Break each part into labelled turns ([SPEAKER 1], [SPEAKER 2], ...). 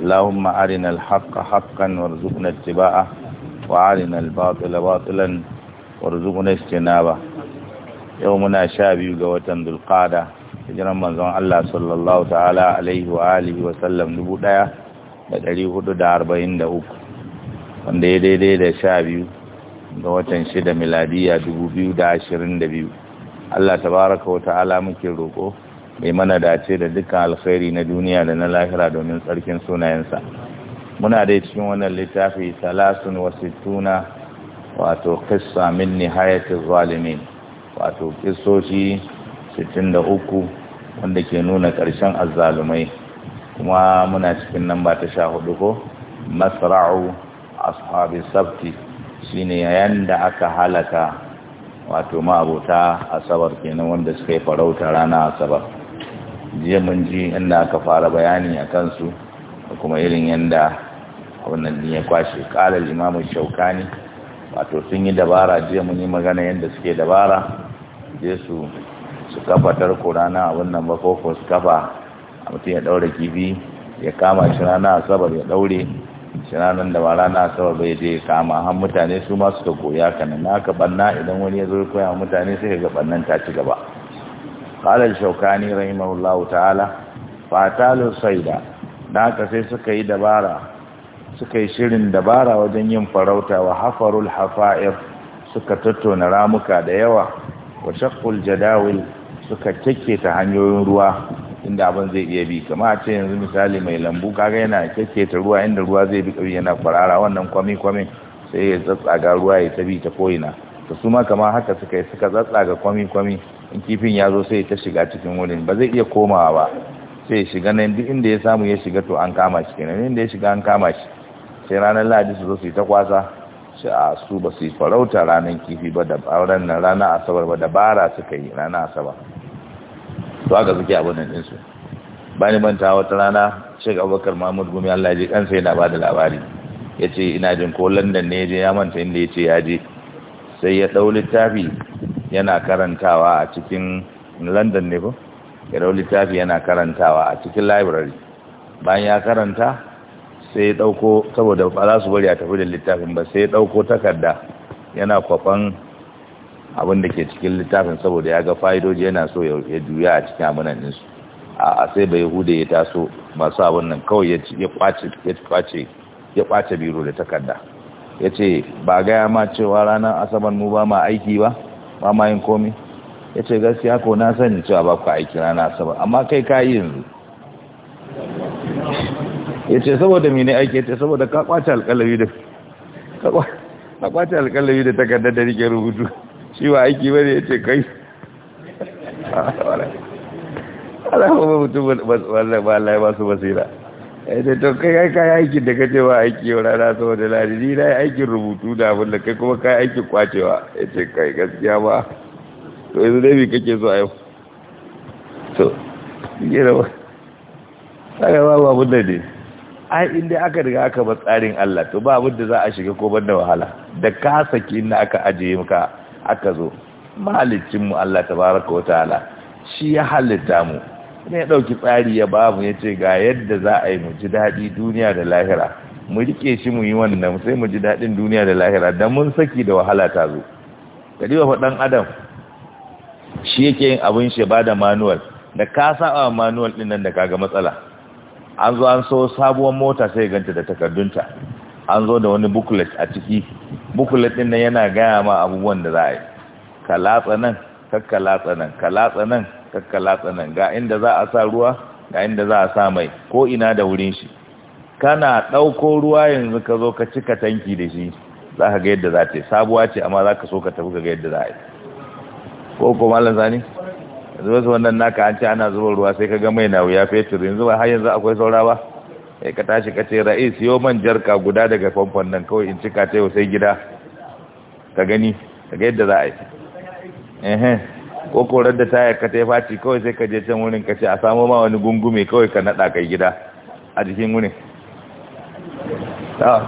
[SPEAKER 1] اللهم أرنا الحق حقا وارزقنا اتباعه وأرنا الباطل باطلا وارزقنا اجتنابه يومنا شابي قوتن ذو القادة hijiran manzon Allah sallallahu alaihi wa alihi wa sallam uku, wanda daidai da sha biyu ga watan shida miladiya biyu. Allah tabaraka wa ta'ala muke roƙo mai mana dace da dukkan alkhairi na duniya da na lahira domin tsarkin sunayensa muna dai cikin wannan littafi salasun tuna wato kisa min nihayati zalimin wato kissoshi 63 wanda ke nuna ƙarshen azzalumai kuma muna cikin namba ta hudu ko masra'u ashabi sabti shine yayin da aka halaka wato ma'abota asabar kenan wanda suka yi farauta rana asabar jiya mun ji inda aka fara bayani a kansu da kuma irin yadda wannan din ya kwashe kala imamun shaukani wato sun yi dabara jiya mun yi magana yadda suke dabara je su su kafa tarko rana a nan ba su kafa a mutum ya daure kifi ya kama shi rana asabar ya daure shi ranar da ba rana asabar bai je kama har mutane su ma suka koya kanan na ka banna idan wani ya zo koya mutane sai ga bannan ta ci gaba قال الشوكاني رحمه الله تعالى فاتالو سيدا da haka sai suka yi dabara suka yi shirin dabara wajen yin farauta wa hafarul hafa'ir suka tattauna ramuka da yawa wa shaqqul jadawil suka ta hanyoyin ruwa inda abin zai iya bi kama a ce yanzu misali mai lambu kaga yana ta ruwa inda ruwa zai bi kauye yana farara wannan kwami kwami sai ya tsatsaga ruwa ya tabi ta koyina to su ma kama haka suka yi suka tsatsaga kwami kwami in kifin ya zo sai ta shiga cikin wurin ba zai iya komawa ba sai shiga nan duk inda ya samu ya shiga to an kama shi kenan inda ya shiga an kama shi sai ranar lahadi su zo su yi ta kwasa shi a su ba su yi farauta ranar kifi ba da auren nan ranar asabar ba dabara suka yi ranar asabar to haka suke abin nan ɗinsu Bani manta wata rana ga abubakar mahmud gumi allah ji kansa yana ba da labari ya ce ina jin ko Landan ne ya je ya manta inda ya ce ya je sai ya ɗau littafi yana karantawa a cikin london ne ba ya dau littafi yana karantawa a cikin library bayan ya karanta sai ya dauko saboda ba za su bari a tafi da littafin ba sai ya dauko takarda yana kwafan abin da ke cikin littafin saboda ya ga fa'idoji yana so ya juya a cikin abunan ɗinsu a sai bai hude ya taso masu abin nan kawai ya kwace biro da takarda ya ce ba gaya ma cewa ranar asabar mu ba ma aiki ba ba ma yin komi ya ce gaskiya ko na sani cewa ba ku aiki rana saba amma kai ka yi yanzu ya ce saboda mini aiki ya ce saboda ka kwace alkalami da ka kwace da takardar da rike rubutu shi wa aiki ba ne ya ce kai ala kuma mutum ba su basira da eh, to kai kai kai aikin da kace wa aiki yau rana saboda ladidi ni na aikin rubutu da abin da kai kuma kai aikin kwacewa yace kai gaskiya ba to yanzu dai me kake so a yau to yana ba sai ba babu da ne ai inda aka riga aka ba tsarin Allah to ba abin da za a shiga ko banda wahala da ka saki inda aka ajiye maka aka zo mahalicin mu Allah tabaraka wa ta'ala shi ya halitta mu ne ya ɗauki tsari ya babu ya ce ga yadda za a yi mu ji daɗi duniya da lahira mu rike shi mu yi wannan sai mu ji daɗin duniya da lahira don mun saki da wahala ta zo kadi wa ɗan adam shi yake yin abin shi ba da manuwal da ka saba manuwal ɗin nan da kaga matsala an zo an so sabuwar mota sai ganta da takardunta an zo da wani booklet a ciki booklet ɗin nan yana gaya ma abubuwan da za a yi ka latsa nan ka latsa nan ka latsa nan kakkala tsanan, ga inda za a sa ruwa ga inda za a sa mai ko ina da wurin shi kana ɗauko ruwa yanzu ka zo ka cika tanki da shi za ka ga yadda za ta yi sabuwa ce amma za ka so ka tafi ka ga yadda za a yi ko ko malam sani yanzu wasu wannan naka an ce ana zuba ruwa sai ka ga mai na wuya fetur yanzu ba har yanzu akwai saura ba sai ka tashi ka ce ra'is yau man jarka guda daga famfon nan kawai in cika ta yau sai gida ka gani ka ga yadda za a yi ko korar da tayar ka ta faci kawai sai ka je can wurin ka ce a samu ma wani gungume kawai ka naɗa kai gida a jikin wurin ah,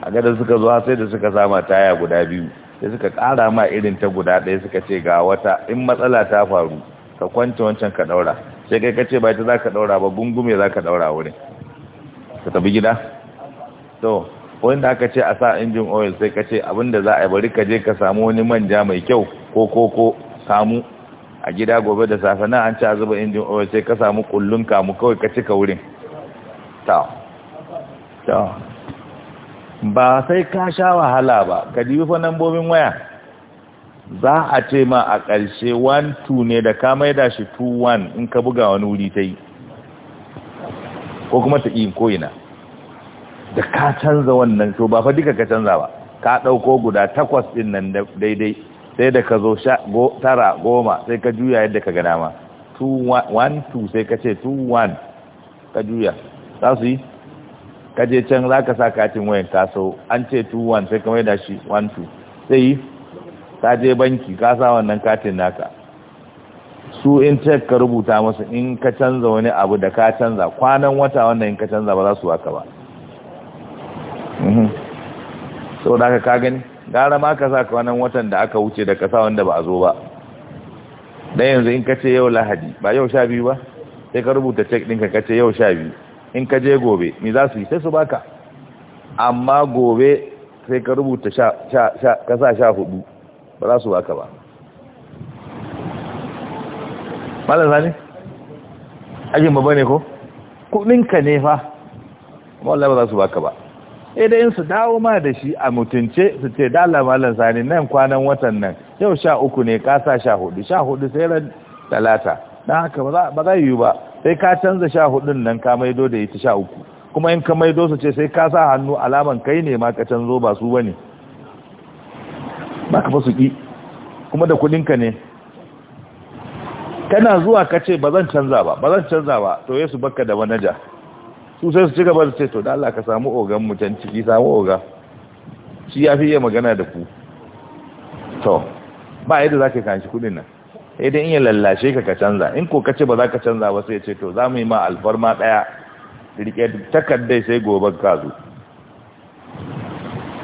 [SPEAKER 1] a gada suka zuwa sai da suka sama taya guda biyu sai suka ƙara ma irin ta guda ɗaya suka ce ga wata in matsala ta faru ka kwance wancan ka ɗaura sai kai ka ce ba ita za ka ɗaura ba gungume za ka ɗaura wurin ka tafi gida to wanda aka ce a sa injin oil sai ka ce abinda za a yi bari ka je ka samu wani manja mai kyau ko koko samu a gida gobe da safe na an ci a zuba injin oil sai ka samu kullun kamu kawai ka cika wurin ta ta ba sai ka sha wahala ba ka dibi fa nambobin waya za a ce ma a ƙarshe 1-2 ne da ka maida shi 2-1 in ka buga wani wuri ta yi ko kuma ta ƙi ko'ina da ka canza wannan to ba fa duka ka canza ba ka ɗauko guda takwas ɗin nan daidai sai da ka zo tara goma sai ka juya yadda ka ga dama 1-2 sai ka ce 2-1 ka juya za su yi ka je can za ka sa katin wayan taso an ce 2-1 sai ka mai da shi 1-2 sai yi ta je banki ka sa wannan katin naka su in cek ka rubuta masu in ka canza wani abu da ka canza kwanan wata wannan in ka canza ba za su waka ba mhm. sau da ka gani gara ma ka sa kwanan watan da aka wuce da kasa wanda ba a zo ba dan yanzu in ka ce yau lahadi ba yau sha biyu ba sai ka rubuta cek ɗinka ka ce yau sha biyu in ka je gobe mi za su yi sai su baka amma gobe sai ka rubuta ka sa sha hudu ba za su baka ba malar zane ajin babba ne ko kudinka ne fa amma Allah ba za su baka ba idan su dawo ma da shi a mutunce su ce dala malam sani nan kwanan watan nan yau sha uku ne kasa sha hudu sha hudu sai ran talata don haka ba za yi ba sai ka canza sha hudun nan ka maido da ita sha uku kuma in ka maido su ce sai ka sa hannu alaman kai ne ma ka canzo ba su bane ba ka fa su ki kuma da kudinka ne kana zuwa ka ce ba zan canza ba ba zan canza ba to yesu baka da manaja su sai su ci gaba da ce to da Allah ka samu ogan mu can ciki samu oga shi ya fi iya magana da ku to ba yadda za ka kanshi kudin nan sai dai in ya lallashe ka ka canza in ko kace ba za ka canza ba sai ce to za mu yi ma alfarma daya rike takardai sai gobe ka zo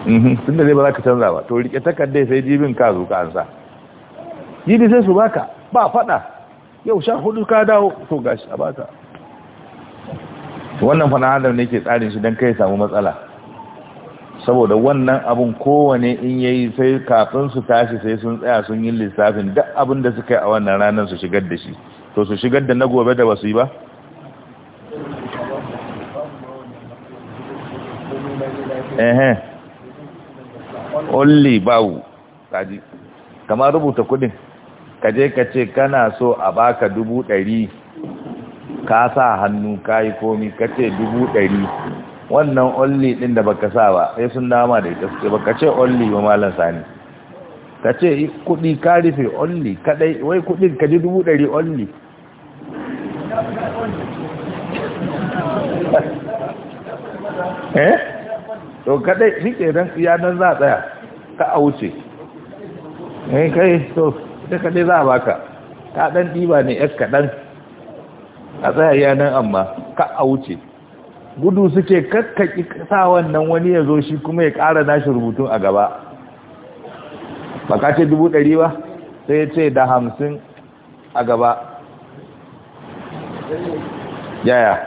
[SPEAKER 1] mhm, tun da zai ba za ka canza ba to rike takardai sai jibin ka zo ka ansa jibi sai su baka ba fada yau sha hudu ka dawo to gashi a baka wannan fana adam ne ke tsarin shi don kai samu matsala saboda wannan abun kowane in ya yi sai kafin su tashi sai sun tsaya sun yi lissafin duk abin da suka yi a wannan ranar su shigar da shi to su shigar da na gobe da basu yi ba ehem only bawu kaji kama rubuta kudin kaje ka ce kana so a baka dubu ɗari ka sa hannu ka yi komi ka ce dubu ɗari wannan olli ɗin da baka sa ba sai sun dama da ita suke baka ce olli ba malam sani ka ce kuɗi ka rufe olli kaɗai wai kuɗin ka ji dubu ɗari olli eh to kaɗai shi ke don ya don za a tsaya ka a wuce eh kai to da kaɗai za a baka ka ɗan ɗiba ne ya kaɗan a tsaya ya nan amma ka a wuce gudu suke kakkaki sa wannan wani ya zo shi kuma ya ƙara nashi rubutun a gaba baka ce dubu dari ba sai ya ce da hamsin a gaba yaya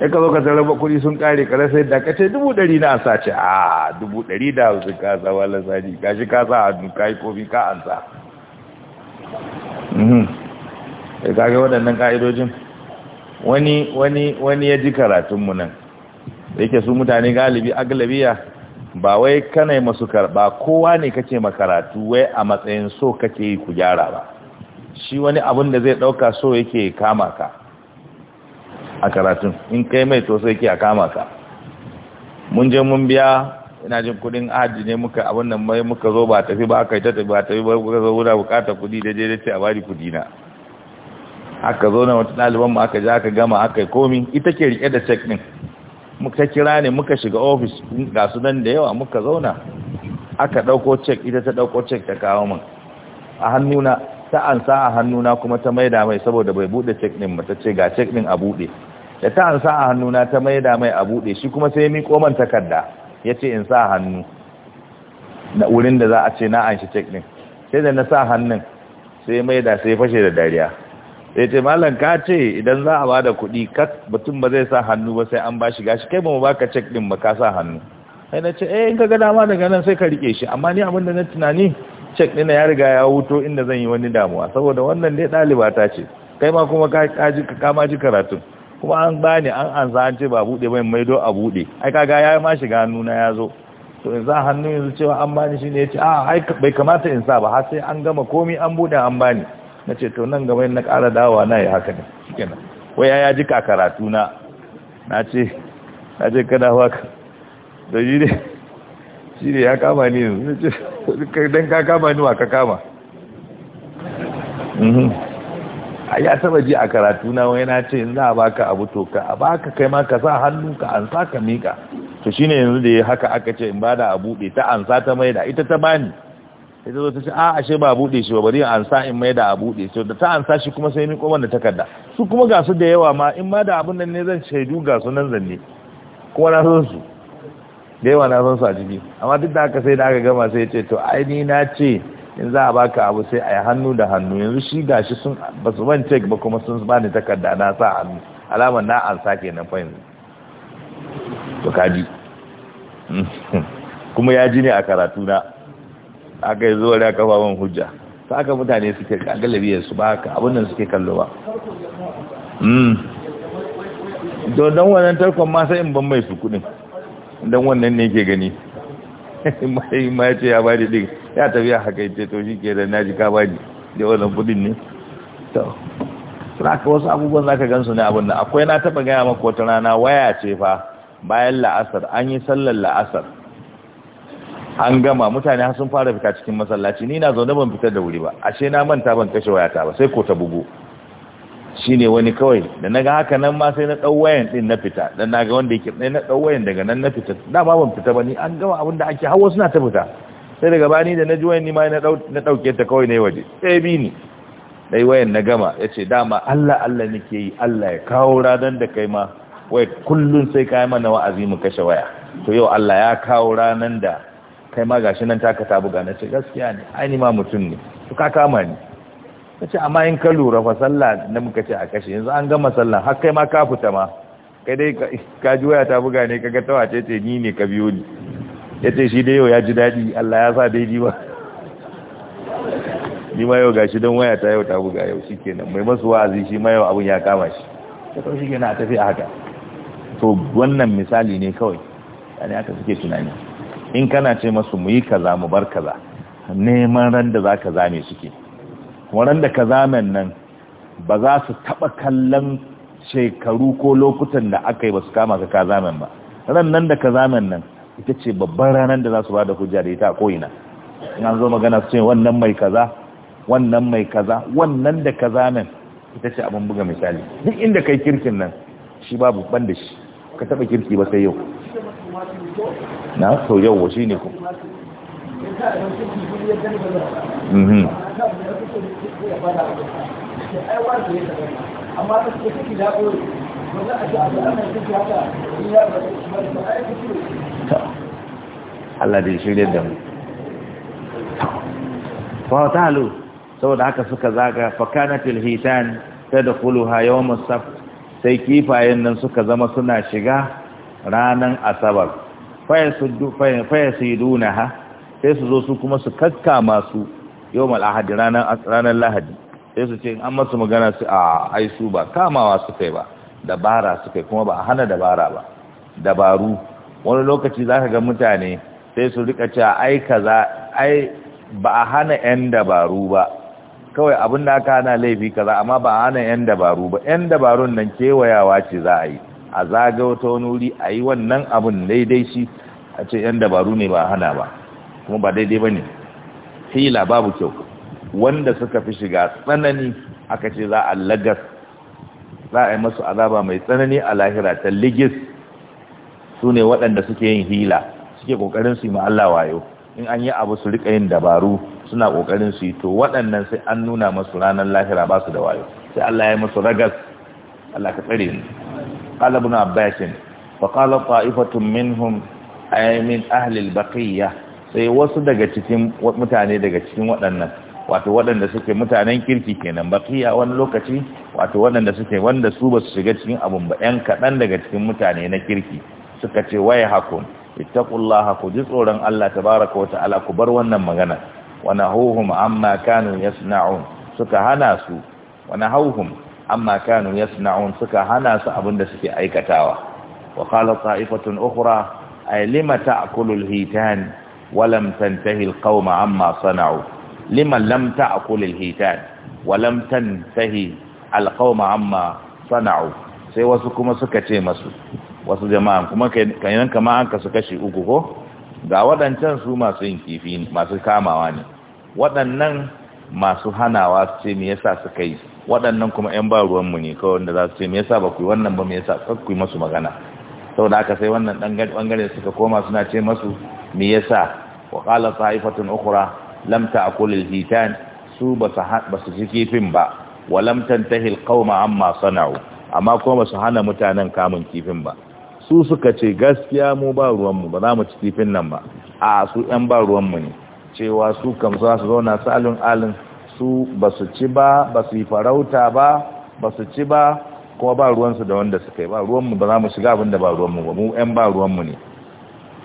[SPEAKER 1] ya ka zo ka zarraba kuɗi sun kare kare sai da ka ce dubu dari na ansa ce a ah, dubu dari da hamsin ka sa lasari sani ka shi ka sa hannu ka yi kofi ka ansa mhm. sai eh, kaga waɗannan ka'idojin wani wani wani ya ji karatunmu nan yake su mutane galibi aglabiya ba wai kanai masu ba kowa ne kace karatu wai a matsayin so kake yi ku gyara ba shi wani abun da zai ɗauka so yake kama ka a karatun in kai mai to sai yake a kama ka mun je mun biya ina jin kudin aji ne muka abun nan mai muka zo ba tafi ba kai ta tafi ba tafi ba ku zo wuda bukatar kudi da je da ce a bari kudi na aka zo na wata ɗalibanmu aka ji aka gama aka yi komi ita ke riƙe da cek ɗin muka kira ne muka shiga ofis ga su nan da yawa muka zauna aka ɗauko cek ita ta ɗauko cek ta kawo min a hannuna ta ansa a hannuna kuma ta maida mai saboda bai buɗe cek ɗin mu ta ce ga cek ɗin a buɗe da ta ansa a hannuna ta maida mai a buɗe shi kuma sai miƙo man takarda ya ce in sa hannu na wurin da za a ce na an shi cek ɗin sai da na sa hannun sai maida sai fashe da dariya sai ce malam ka ce idan za a bada kuɗi kak mutum ba zai sa hannu ba sai an ba shiga shi kai ba mu baka cek din ba ka sa hannu sai na ce eh in ka ga dama daga nan sai ka riƙe shi amma ni abin da na tunani cek din ya riga ya wuto inda zan yi wani damuwa saboda wannan dai ɗaliba ta ce kai ma kuma ka kama ji karatu kuma an bani an an an ce ba bude ba maido a buɗe ai kaga ya ma shiga hannu na ya zo to in za hannu yanzu cewa an bani ne ya ce a ah, bai kamata in sa ba har sai an gama komai an buɗe an bani na ce to nan gaba yin na ƙara dawa na ya haka ne shikenan wai ya ji ka karatu na na ce na ce kada waka da shi ne shi ne ya kama ni yanzu don ka kama ni wa ka kama mhm. a ya taba ji a karatu na wai na ce in za a baka abu to ka a baka kai ma ka sa hannu ka an sa ka mika to shi ne yanzu da ya haka aka ce in bada abu ɗe ta ansa ta mai da ita ta bani ita zo ta ce a ashe ba buɗe shi ba bari an sa in mai da a buɗe shi da ta an sa shi kuma sai ni miƙo da takarda su kuma ga su da yawa ma in ma da abin nan ne zan shaidu ga su nan zanne kuma na san su da yawa na san su a ciki amma duk da haka sai da aka gama sai ce to ai ni na ce in za a baka abu sai a hannu da hannu yanzu shi shi sun ba su ban cek ba kuma sun bani takarda na sa hannu alamar na an sa kenan fa yanzu to kaji kuma ya ji ne a karatu na aka yi zuwa da kafafen hujja ta aka mutane suke a galibiyarsu ba haka abinnan suke kallo ba hmm. don wannan tarkon ma sai in ban mai su kudin don wannan ne ke gani mai ma ce ya bani din ya tafiya haka ce to shi ke da ji ka bani da wannan kudin ne to saka wasu abubuwan za ka gansu ne abin nan akwai na taɓa gaya maka wata rana waya ce fa bayan la'asar an yi sallar la'asar an gama mutane sun fara fita cikin masallaci ni na zaune ban fitar da wuri ba ashe na manta ban kashe wayata ba sai ko ta bugu shine wani kawai da naga haka nan ma sai na dau wayan din na fita dan naga wanda yake na dau wayan daga nan na fita dama ban fita ba ni an gama abin da ake hawa suna ta fita sai daga bani da na ji wayan ni ma na dau na dauke ta kawai ne waje sai bi ni dai wayan na gama yace dama Allah Allah nake yi Allah ya kawo radan da kai ma wai kullun sai kai mana wa'azi mu kashe waya to yau Allah ya kawo ranan da kai ma gashi nan taka ta buga na ce gaskiya ne aini ma mutum ne to ka kama ni ta ce amma in ka lura fa sallah na muka ce a kashe yanzu an gama sallah har kai ma ka fita ma kai dai ka ji waya ta buga ne kaga ta wace ce ni ne ka biyo ni yace shi dai yau ya ji dadi Allah ya sa dai ba ni ma yau gashi dan waya ta yau ta buga yau shikenan mai masu wa'azi shi ma yau abun ya kama shi ta shi shikenan a tafi a haka to wannan misali ne kawai yana aka suke tunani in kana ce masu mu yi kaza mu bar kaza neman ran da za ka zame suke waran da ka zamen nan ba za su taɓa kallon shekaru ko lokutan da aka yi ba su kama ka zamen ba ran nan da ka zamen nan ita ce babban ranar da za su bada da hujja da ita a ko'ina in zo magana su ce wannan mai kaza wannan mai kaza wannan da kaza nan ita ce abin buga misali duk inda kai kirkin nan shi babu ban da shi ka taɓa kirki ba sai yau na to yau shi ne ku mhm. Allah da shirya da mu fawatalu saboda haka suka zaga fakanatil hitan da kuluha yawon musaf sai kifayen nan suka zama suna shiga ranan asabar fayasuduna ha sai su zo su kuma su kaska masu yawmal ahadi ranan lahadi sai su ce an masu magana su a ai su ba kamawa su kai ba dabara su kai kuma ba a hana dabara ba dabaru wani lokaci zaka ga mutane sai su rika cewa ai kaza ai ba a hana yan dabaru ba kawai abin da aka hana laifi kaza amma ba a hana yan dabaru ba yan dabarun nan kewayawa ce za a yi a zaga wata wani wuri a yi wannan abun daidai shi a ce yan dabaru ne ba hana ba kuma ba daidai ba ne hila babu kyau wanda suka fi shiga tsanani aka ce za a lagas za a yi masu azaba mai tsanani a lahira ta ligis su ne waɗanda suke yin hila suke ƙoƙarin su yi ma'alla wayo in an yi abu su riƙa yin dabaru suna ƙoƙarin su yi to waɗannan sai an nuna masu ranar lahira ba su da wayo sai Allah ya masu ragas Allah ka tsare ni قال ابن عباس فقال طائفة منهم أي من أهل البقية sai wasu daga cikin mutane daga cikin waɗannan wato waɗanda suke mutanen kirki kenan baqiya wani lokaci wato waɗanda suke wanda su basu shiga cikin abun ba ɗan kaɗan daga cikin mutane na kirki suka ce waye hakun ittaqullaha ku ji tsoron Allah tabaraka wa ta'ala ku bar wannan magana wa nahuhum amma kanu yasna'un suka hana su wa nahuhum amma kanu yasna'un suka hana su abinda suke aikatawa wa qala ta'ifatun ukhra ay lima ta'kulul hitan wa lam tantahi alqauma amma sana'u lima lam ta'kulul hitan wa lam tantahi alqauma amma sana'u sai wasu kuma suka ce masu wasu jama'a. kuma kayan kama an kasu kashi uku ko ga waɗancan su masu yin kifi masu kamawa ne waɗannan masu hanawa su ce me yasa suka yi waɗannan kuma 'yan ba ruwanmu ne kawai wanda za su ce me yasa ba ku yi wannan ba me yasa ku yi masu magana saboda aka sai wannan bangare suka koma suna ce masu me yasa wa qala sa'ifatun ukhra lam ta'kul al-hitan su ba su ci kifin ba wa lam tantahi al-qauma amma sana'u amma kuma ba su hana mutanen kamun kifin ba su suka ce gaskiya mu ba ruwanmu ba za mu ci kifin nan ba a su 'yan ba ruwanmu ne cewa su kam za su zauna salin alin su ba su ci ba ba su yi farauta ba ba su ci ba kuma ba ruwansu da wanda suka yi ba ruwanmu ba za mu shiga abin da ba ruwanmu ba mu 'yan ba ruwanmu ne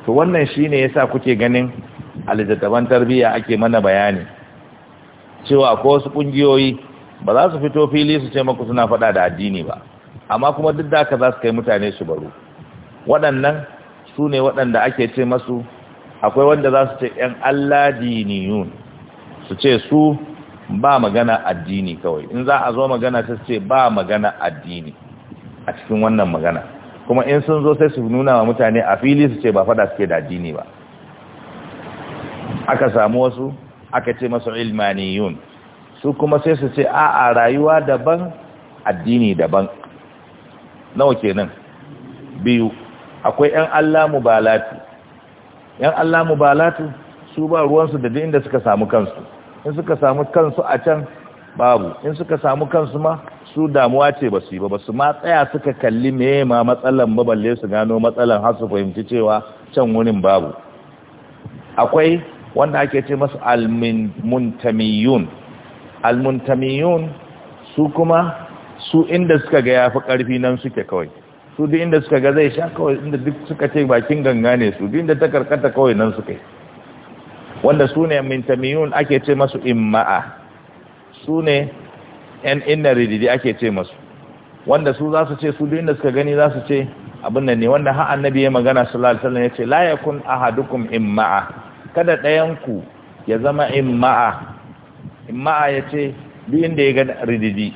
[SPEAKER 1] to wannan shi ne ya sa kuke ganin a tarbiyya ake mana bayani cewa ko wasu ƙungiyoyi ba za su fito fili su ce maku suna faɗa da addini ba amma kuma duk da haka za su kai mutane su baro waɗannan su ne waɗanda ake ce masu akwai wanda za su ce ‘yan Allah diniyun su ce su ba magana addini kawai in za a zo magana ta ce ba magana addini a cikin wannan magana kuma in sun zo sai su nuna wa mutane a fili su ce ba fada suke da addini ba aka samu wasu aka ce masu ilmaniyun su kuma sai su ce a a rayuwa daban addini daban nawa kenan biyu akwai yan Allah mubalatu yan Allah mubalatu su ba ruwansu da duk inda suka samu kansu in suka samu kansu a can babu in suka samu kansu ma su damuwa ce ba su yi ba ba su ma tsaya suka kalli meye ma matsalan ba balle su gano matsalan har su fahimci cewa can wurin babu akwai wanda ake ce masu almuntamiyun almuntamiyun su kuma su inda suka ga ya fi karfi nan suke kawai su duk inda suka ga zai sha kawai inda duk suka ce bakin ganga ne su duk inda ta karkata kawai nan suka yi wanda su ne mintamiyun ake ce masu imma'a su ne yan inna rididi ake ce masu wanda su za su ce su duk inda suka gani za su ce abin nan ne wanda har annabi ya magana sallallahu alaihi wasallam ya ce la yakun ahadukum imma'a kada ɗayan ku ya zama imma'a imma'a ya ce duk inda ya ga rididi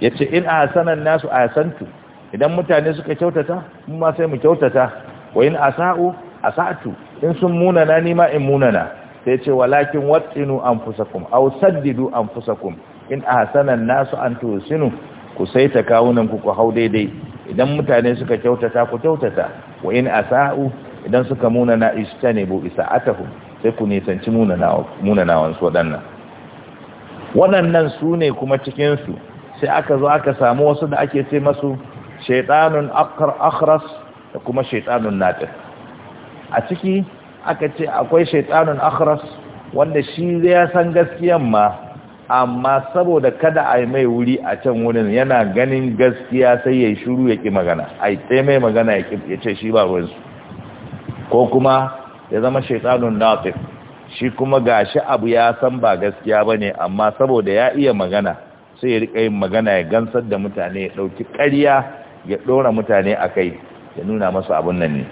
[SPEAKER 1] ya ce in a ahsanan nasu a ahsantu idan mutane suka kyautata mu ma sai mu kyautata wa in asa'u asa'tu in sun munana ni ma in munana sai ce walakin watsinu anfusakum aw saddidu anfusakum in ahsana nasu an tusinu ku saita kawunan ku ku hau daidai idan mutane suka kyautata ku kyautata wa in asa'u idan suka muna na munana isa isa'atahu sai ku nisanci muna na su waɗannan Wadannan su ne kuma su sai aka zo aka samu wasu da ake ce masu shaitanun akhras da kuma shaitanun natir a ciki aka ce akwai shaitanun akhras wanda shi ya san gaskiyan ma amma saboda kada a mai wuri a can wurin yana ganin gaskiya sai ya shiru ya ki magana a sai mai magana ya ce shi ba su ko kuma ya zama shaitanun nafi shi kuma gashi abu ya san ba gaskiya ba ne amma saboda ya iya magana sai ya rika yin magana ya gansar da mutane ya ɗauki ƙarya ya ɗora mutane a kai ya nuna masu abun nan ne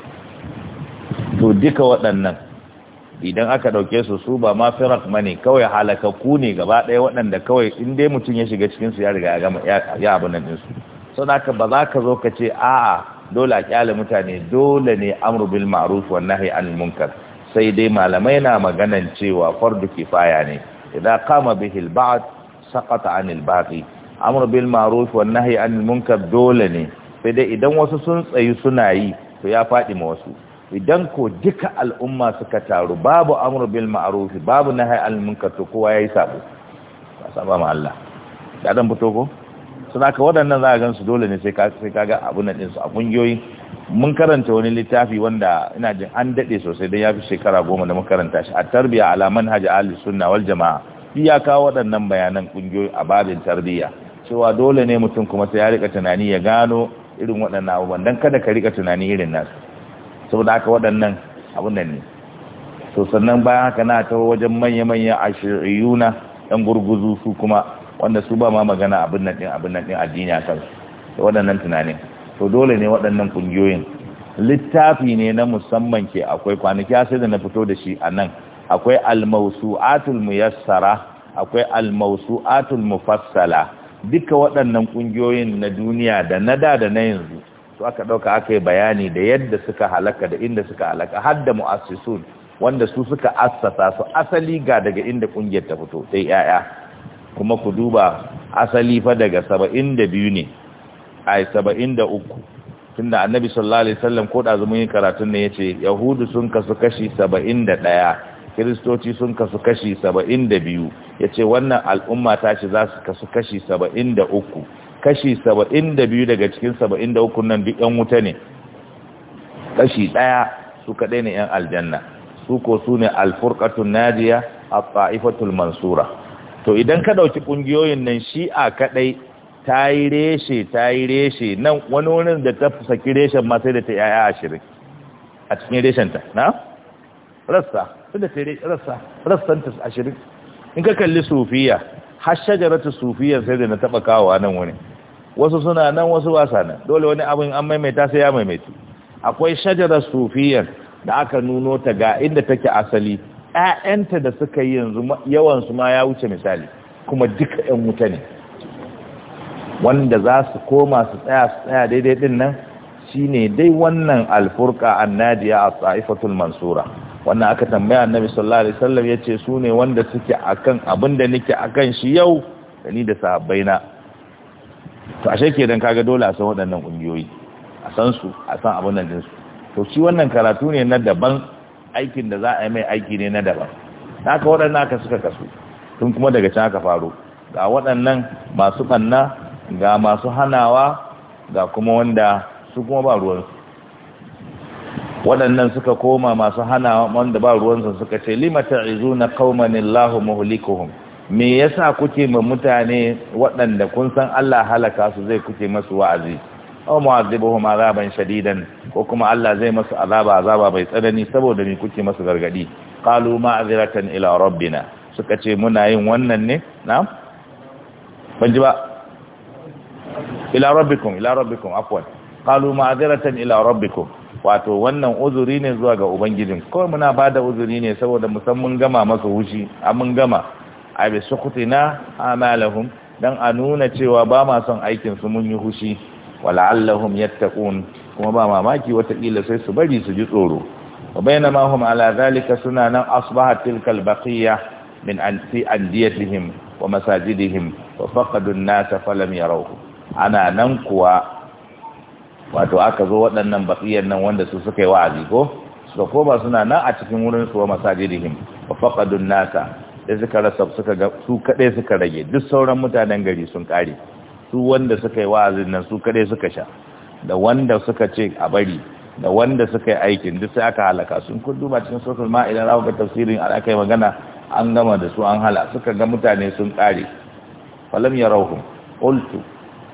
[SPEAKER 1] to duka waɗannan idan aka ɗauke su su ba ma firak mani kawai ku ne gaba ɗaya waɗanda kawai in dai mutum ya shiga cikinsu ya riga ya abu nan ɗinsu sau haka ba za ka zo ka ce a'a dole a kyale mutane dole ne amru bil ma'ruf wa nahi anil munkar sai dai malamai na maganan cewa fardu kifaya ne idan kama bihi ba'd saqata anil baqi amru bil ma'ruf wa nahi anil munkar dole ne sai dai idan wasu sun tsayi suna yi to ya faɗi ma wasu idan ko duka al'umma suka taru babu amru bil ma'ruf babu nahy al munkar to kowa yayi sabo ba saba ma Allah da dan fito ko suna ka waɗannan za ka gansu dole ne sai ka sai ga abun nan su a kungiyoyi mun karanta wani littafi wanda ina jin an dade sosai dan yafi shekara goma da mun karanta shi a tarbiya ala manhaj ahli sunna wal jamaa iya kawo waɗannan bayanan kungiyoyi a babin tarbiya cewa dole ne mutum kuma sai ya rika tunani ya gano irin waɗannan abubuwan dan kada ka rika tunani irin nasu saboda haka waɗannan abin nan ne to sannan bayan haka na ta wajen manya-manya a shiriyuna ɗan gurguzu su kuma wanda su ba ma magana abin nan ɗin abin nan ɗin addini a waɗannan tunanin to dole ne waɗannan ƙungiyoyin littafi ne na musamman ke akwai kwanaki sai da na fito da shi a nan akwai almausu'atul muyassara akwai atun mufassala duka waɗannan ƙungiyoyin na duniya da na da da na yanzu su aka ɗauka aka yi bayani da yadda suka halaka da inda suka halaka har da mu'assisun wanda su suka assasa su asali ga daga inda ƙungiyar ta fito sai yaya kuma ku duba asali fa daga saba'in da biyu ne a saba'in da uku tun da annabi sallallahu alaihi wasallam ko mun yin karatun ne ya ce yahudu sun kasu kashi saba'in da ɗaya kiristoci sun kasu kashi saba'in da biyu ya ce wannan al'umma ta ce za su kasu kashi saba'in da uku kashi saba'in da biyu daga cikin saba'in da hukun nan duk 'yan wuta ne kashi ɗaya su kaɗai ne 'yan aljanna su ko su ne alfurkatun najiya a fa’ifatul mansura to idan ka ɗauki ƙungiyoyin nan shi a kaɗai ta yi reshe ta yi reshe nan wani wurin da ta saki reshen ma sai da ta yaya ashirin a cikin reshenta na rassa sai da ta yi rassa ta ashirin in ka kalli sufiya har shajaratu sufiya sai da na taɓa kawo nan wani wasu suna nan wasu wasa nan dole wani abin an maimaita sai ya maimaitu akwai shajarar sufiyar da aka nuno ta ga inda take asali ƴaƴanta da suka yi yanzu yawan su ma ya wuce misali kuma duka ƴan wuta ne wanda za su koma su tsaya su tsaya daidai din nan shine dai wannan alfurqa annadiya a saifatul mansura wannan aka tambaya annabi sallallahu alaihi wasallam yace su ne wanda suke akan abinda nake akan shi yau da ni da sahabbaina to ashe kenan kaga dole a san waɗannan ƙungiyoyi a san su a san abin nan jinsu. to shi wannan karatu ne na daban aikin da za a yi mai aiki ne na daban Na ka waɗannan aka suka kasu tun kuma daga can aka faro ga waɗannan masu ɓanna ga masu hanawa ga kuma wanda su kuma ba ruwansu waɗannan suka koma masu hanawa wanda ba ruwansu suka ce limata izuna qaumanillahu muhlikuhum me yasa kuke ma mutane waɗanda kun san Allah halaka su zai kuke masu wa'azi aw mu'azibuhum azaban shadidan ko kuma Allah zai masu azaba azaba bai tsanani saboda me kuke masu gargadi qalu ma'ziratan ila rabbina suka ce muna yin wannan ne na'am ban ji ba ila rabbikum ila rabbikum afwan qalu ma'ziratan ila rabbikum wato wannan uzuri ne zuwa ga ubangijin kawai muna bada uzuri ne saboda musamman gama masa hushi amun mun gama a bi sukutina amalahum dan a nuna cewa ba ma son aikin su mun yi hushi wala'allahum yattaqun kuma ba mamaki watakila sai su bari su ji tsoro wa bainama hum ala zalika suna nan asbaha tilka albaqiya min anti andiyatihim wa masajidihim wa faqadu an-nas falam yarawhu ana nan kuwa wato aka zo waɗannan baqiyan nan wanda su suka yi wa'azi ko suka koma suna nan a cikin wurin su wa masajidihim wa faqadu an-nas da suka rasa suka ga su kadai suka rage duk sauran mutanen gari sun kare su wanda suka yi wa'azin nan su kadai suka sha da wanda suka ce a bari da wanda suka yi aikin duk sai aka halaka sun kun duba cikin suratul idan za ga tafsirin a aka yi magana an gama da su an hala suka ga mutane sun kare falam yarawhum ultu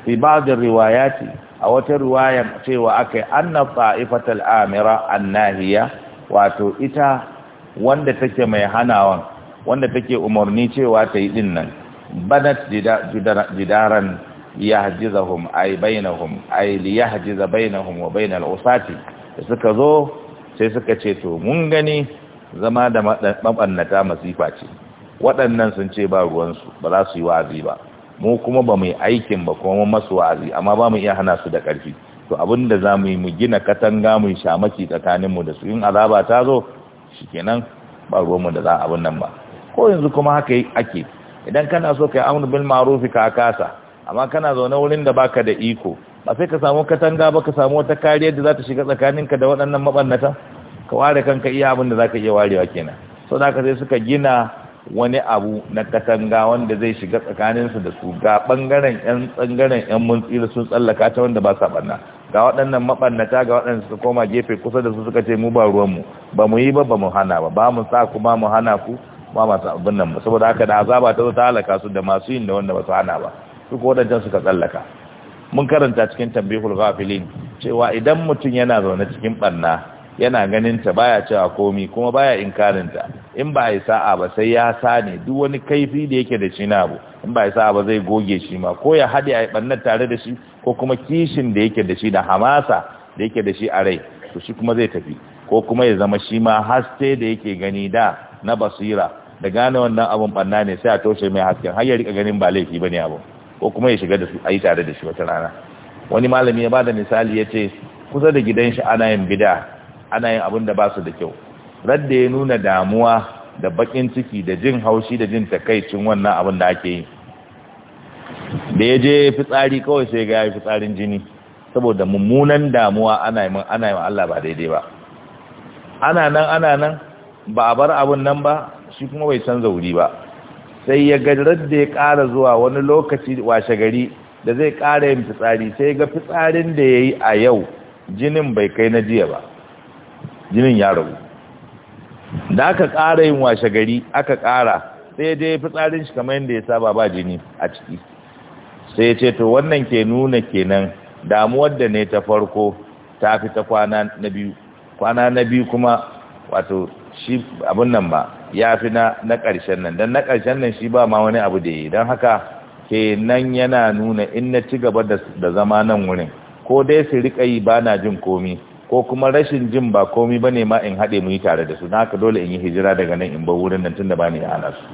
[SPEAKER 1] fi ba'd riwayati a wata riwayan cewa aka yi an na fa'ifatar amira nahiya wato ita wanda take mai hanawan wanda take umarni cewa ta yi din nan banat jidaran yahjizahum ay bainahum ay liyahjiza hum wa al'usati da suka zo sai suka ce to mun gani zama da mabannata masifa ce waɗannan sun ce ba ruwansu ba za su yi wa'azi ba mu kuma ba mu yi aikin ba kuma mun masu wa'azi amma ba mu iya hana su da ƙarfi to abin da za mu yi mu gina katanga mu shamaki tsakaninmu da su in azaba ta zo shikenan ba ruwanmu da za abin nan ba ko yanzu kuma haka ake idan kana so ka yi amru bil ma'ruf ka kasa amma kana zaune wurin da baka da iko ba sai ka samu katanga ba ka samu wata kariyar da za ta shiga tsakaninka da waɗannan mabannata ka ware kanka iya abin da za ka iya warewa kenan so da sai suka gina wani abu na katanga wanda zai shiga tsakaninsu da su ga ɓangaren 'yan tsangaren 'yan muntsiri sun tsallaka ta wanda ba sa ɓanna ga waɗannan maɓannata ga waɗanda suka koma gefe kusa da su suka ce mu ba ruwanmu ba mu yi ba ba mu hana ba ba mu sa ku ba mu hana ku ba masu abin nan saboda haka da azaba ta zo ta halaka su da masu yin da wanda ba su hana ba duk wadancan suka tsallaka mun karanta cikin tambihul ghafilin cewa idan mutum yana zaune cikin barna yana ganin ta baya cewa komi kuma baya inkarin ta in ba ya sa'a ba sai ya sane duk wani kaifi da yake da shi na abu in ba ya sa'a ba zai goge shi ma ko ya hade a barnar tare da shi ko kuma kishin da yake da shi da hamasa da yake da shi a rai to shi kuma zai tafi ko kuma ya zama shi ma haske da yake gani da na basira da gane wannan abun banna ne sai a toshe mai hasken har ya rika ganin ba laifi bane abu ko kuma ya shiga da su ayi tare da shi wata rana wani malami ya bada misali yace kusa da gidan shi ana yin bid'a ana yin abun da ba su da kyau radda ya nuna damuwa da bakin ciki da jin haushi da jin takaicin wannan abun da ake yi da ya je fitsari kawai sai ga ya fitsarin jini saboda mummunan damuwa ana yi ana yi Allah ba daidai ba ana nan ana nan ba a bar abun nan ba shi kuma bai san zauri ba sai ya ga da ya ƙara zuwa wani lokaci washe gari da zai ƙara yin fitsari sai ga fitsarin da ya yi a yau jinin bai kai na jiya ba jinin ya rabu da aka ƙara yin washe gari aka ƙara sai ya je fitsarin shi kamar yadda ya saba ba jini a ciki sai ya ce to wannan ke nuna kenan damuwar da ne ta farko ta fi ta kwana na biyu kwana na biyu kuma wato shi abin nan ba ya fi na na ƙarshen nan don na ƙarshen nan shi ba ma wani abu da yi don haka nan yana nuna in na ci gaba da zama nan wurin ko dai su riƙa yi ba na jin komi ko kuma rashin jin ba komi ba ne ma in haɗe mu yi tare da su na haka dole in yi hijira daga nan in ba wurin nan tun da ba ya ana su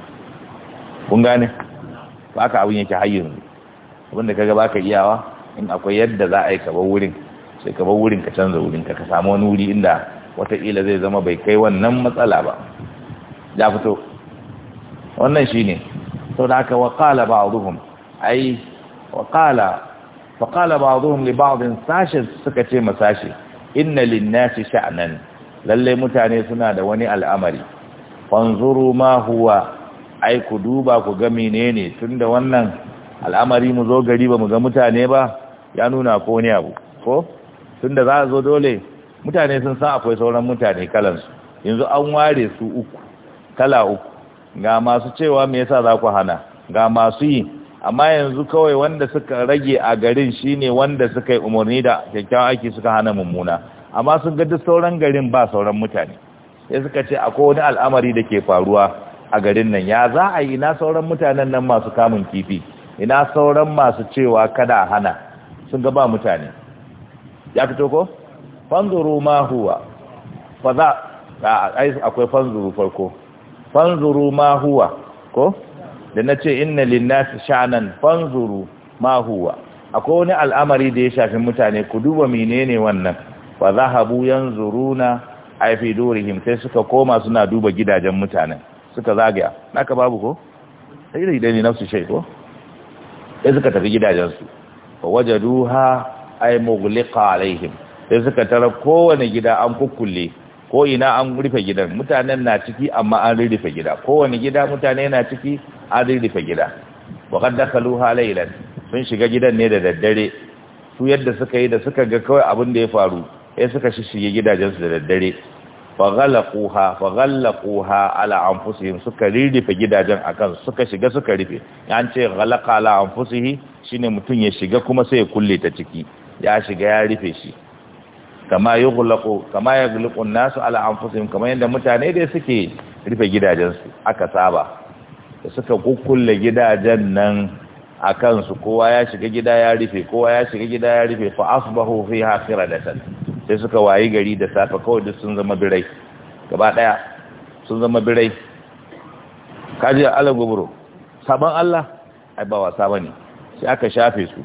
[SPEAKER 1] kun gane ba ka abin yake har abin da kaga ba ka iyawa in akwai yadda za a yi ka wurin sai ka wurin ka canza wurin ka ka samu wani wuri inda watakila zai zama bai kai wannan matsala ba ya fito wannan shine to da aka waƙala ba waqala ba'dhum ai waqala faqala ba'dhum li ba'd sashi suka ce ma masashi inna lin shi sha'anan Lallai mutane suna da wani al'amari ƙwanzuru ma huwa ai ku duba ku ga menene tunda wannan al'amari mu zo gari ba mu ga mutane ba ya nuna ko ne abu ko tunda za a zo dole mutane sun san akwai sauran mutane kalansu yanzu an ware su uku kala uku ga masu cewa me yasa za ku hana ga masu yi amma yanzu kawai wanda suka rage a garin shine wanda suka yi umarni da kyakkyawan aiki suka hana mummuna amma sun ga duk sauran garin ba sauran mutane sai suka ce akwai wani al'amari da ke faruwa a garin nan ya za a yi na sauran mutanen nan masu kamun kifi ina sauran masu cewa kada hana sun ga ba mutane ya fito ko fanzuru ma huwa fa za akwai fanzuru farko fanzuru ma huwa ko da na ce inna linnasi sha'anan fanzuru ma huwa akwai wani al'amari da ya shafi mutane ku duba menene wannan fa zahabu yanzuruna ay durihim sai suka koma suna duba gidajen mutanen suka zagaya naka babu ko sai da idan nafsu shay ko sai suka tafi gidajensu fa wajaduha ay mughliqa alaihim sai suka tara kowane gida an kukkulle ko ina an rufe gidan mutanen na ciki amma an rufe gida kowane gida mutane na ciki an rufe gida wa dakalu dakhaluha sun shiga gidan ne da daddare su yadda suka yi da suka ga kawai abin da ya faru sai suka shishige gidajen da daddare fa ghalaquha fa ala anfusihim suka rufe gidajen akan suka shiga suka rufe an ce ghalaqa ala anfusihi shine mutum ya shiga kuma sai ya kulle ta ciki ya shiga ya rufe shi kama yughlaqu kama yaghlaqu an-nasu ala anfusihim kama yanda mutane dai suke rufe gidajensu aka saba da suka kukkulle gidajen nan a kansu kowa ya shiga gida ya rufe kowa ya shiga gida ya rufe fa asbahu da khiradatan sai suka wayi gari da safe kawai duk sun zama birai gaba daya sun zama birai kaji Allah gubro saban Allah ai ba wasa bane sai aka shafe su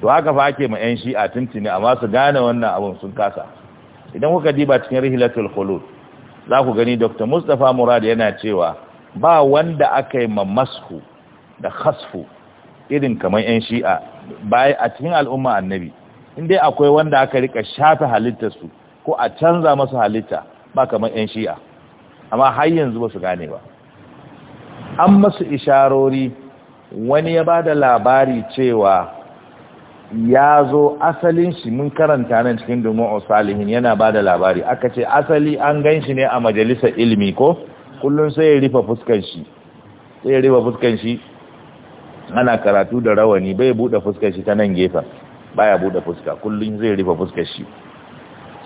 [SPEAKER 1] to haka fa ake ma 'yan shi'a tuntuni amma su gane wannan abin sun kasa idan kuka diba cikin rihilatul khulud za ku gani dr mustapha murad yana cewa ba wanda aka yi ma masku da khasfu irin kamar 'yan shi'a bai a cikin al'umma annabi dai akwai wanda aka rika shafe su ko a canza masu halitta ba kamar 'yan shi'a amma har yanzu ba su gane ba an masu isharori wani ya ba da labari cewa ya zo asalin shi mun karanta nan cikin domin salihin yana ba da labari aka ce asali an gan shi ne a majalisar ilmi ko kullum sai ya rufe fuskan shi sai ya rufe fuskan shi ana karatu da rawani bai buɗe fuskan shi ta nan gefen baya buɗe fuska kullum zai rufe fuskan shi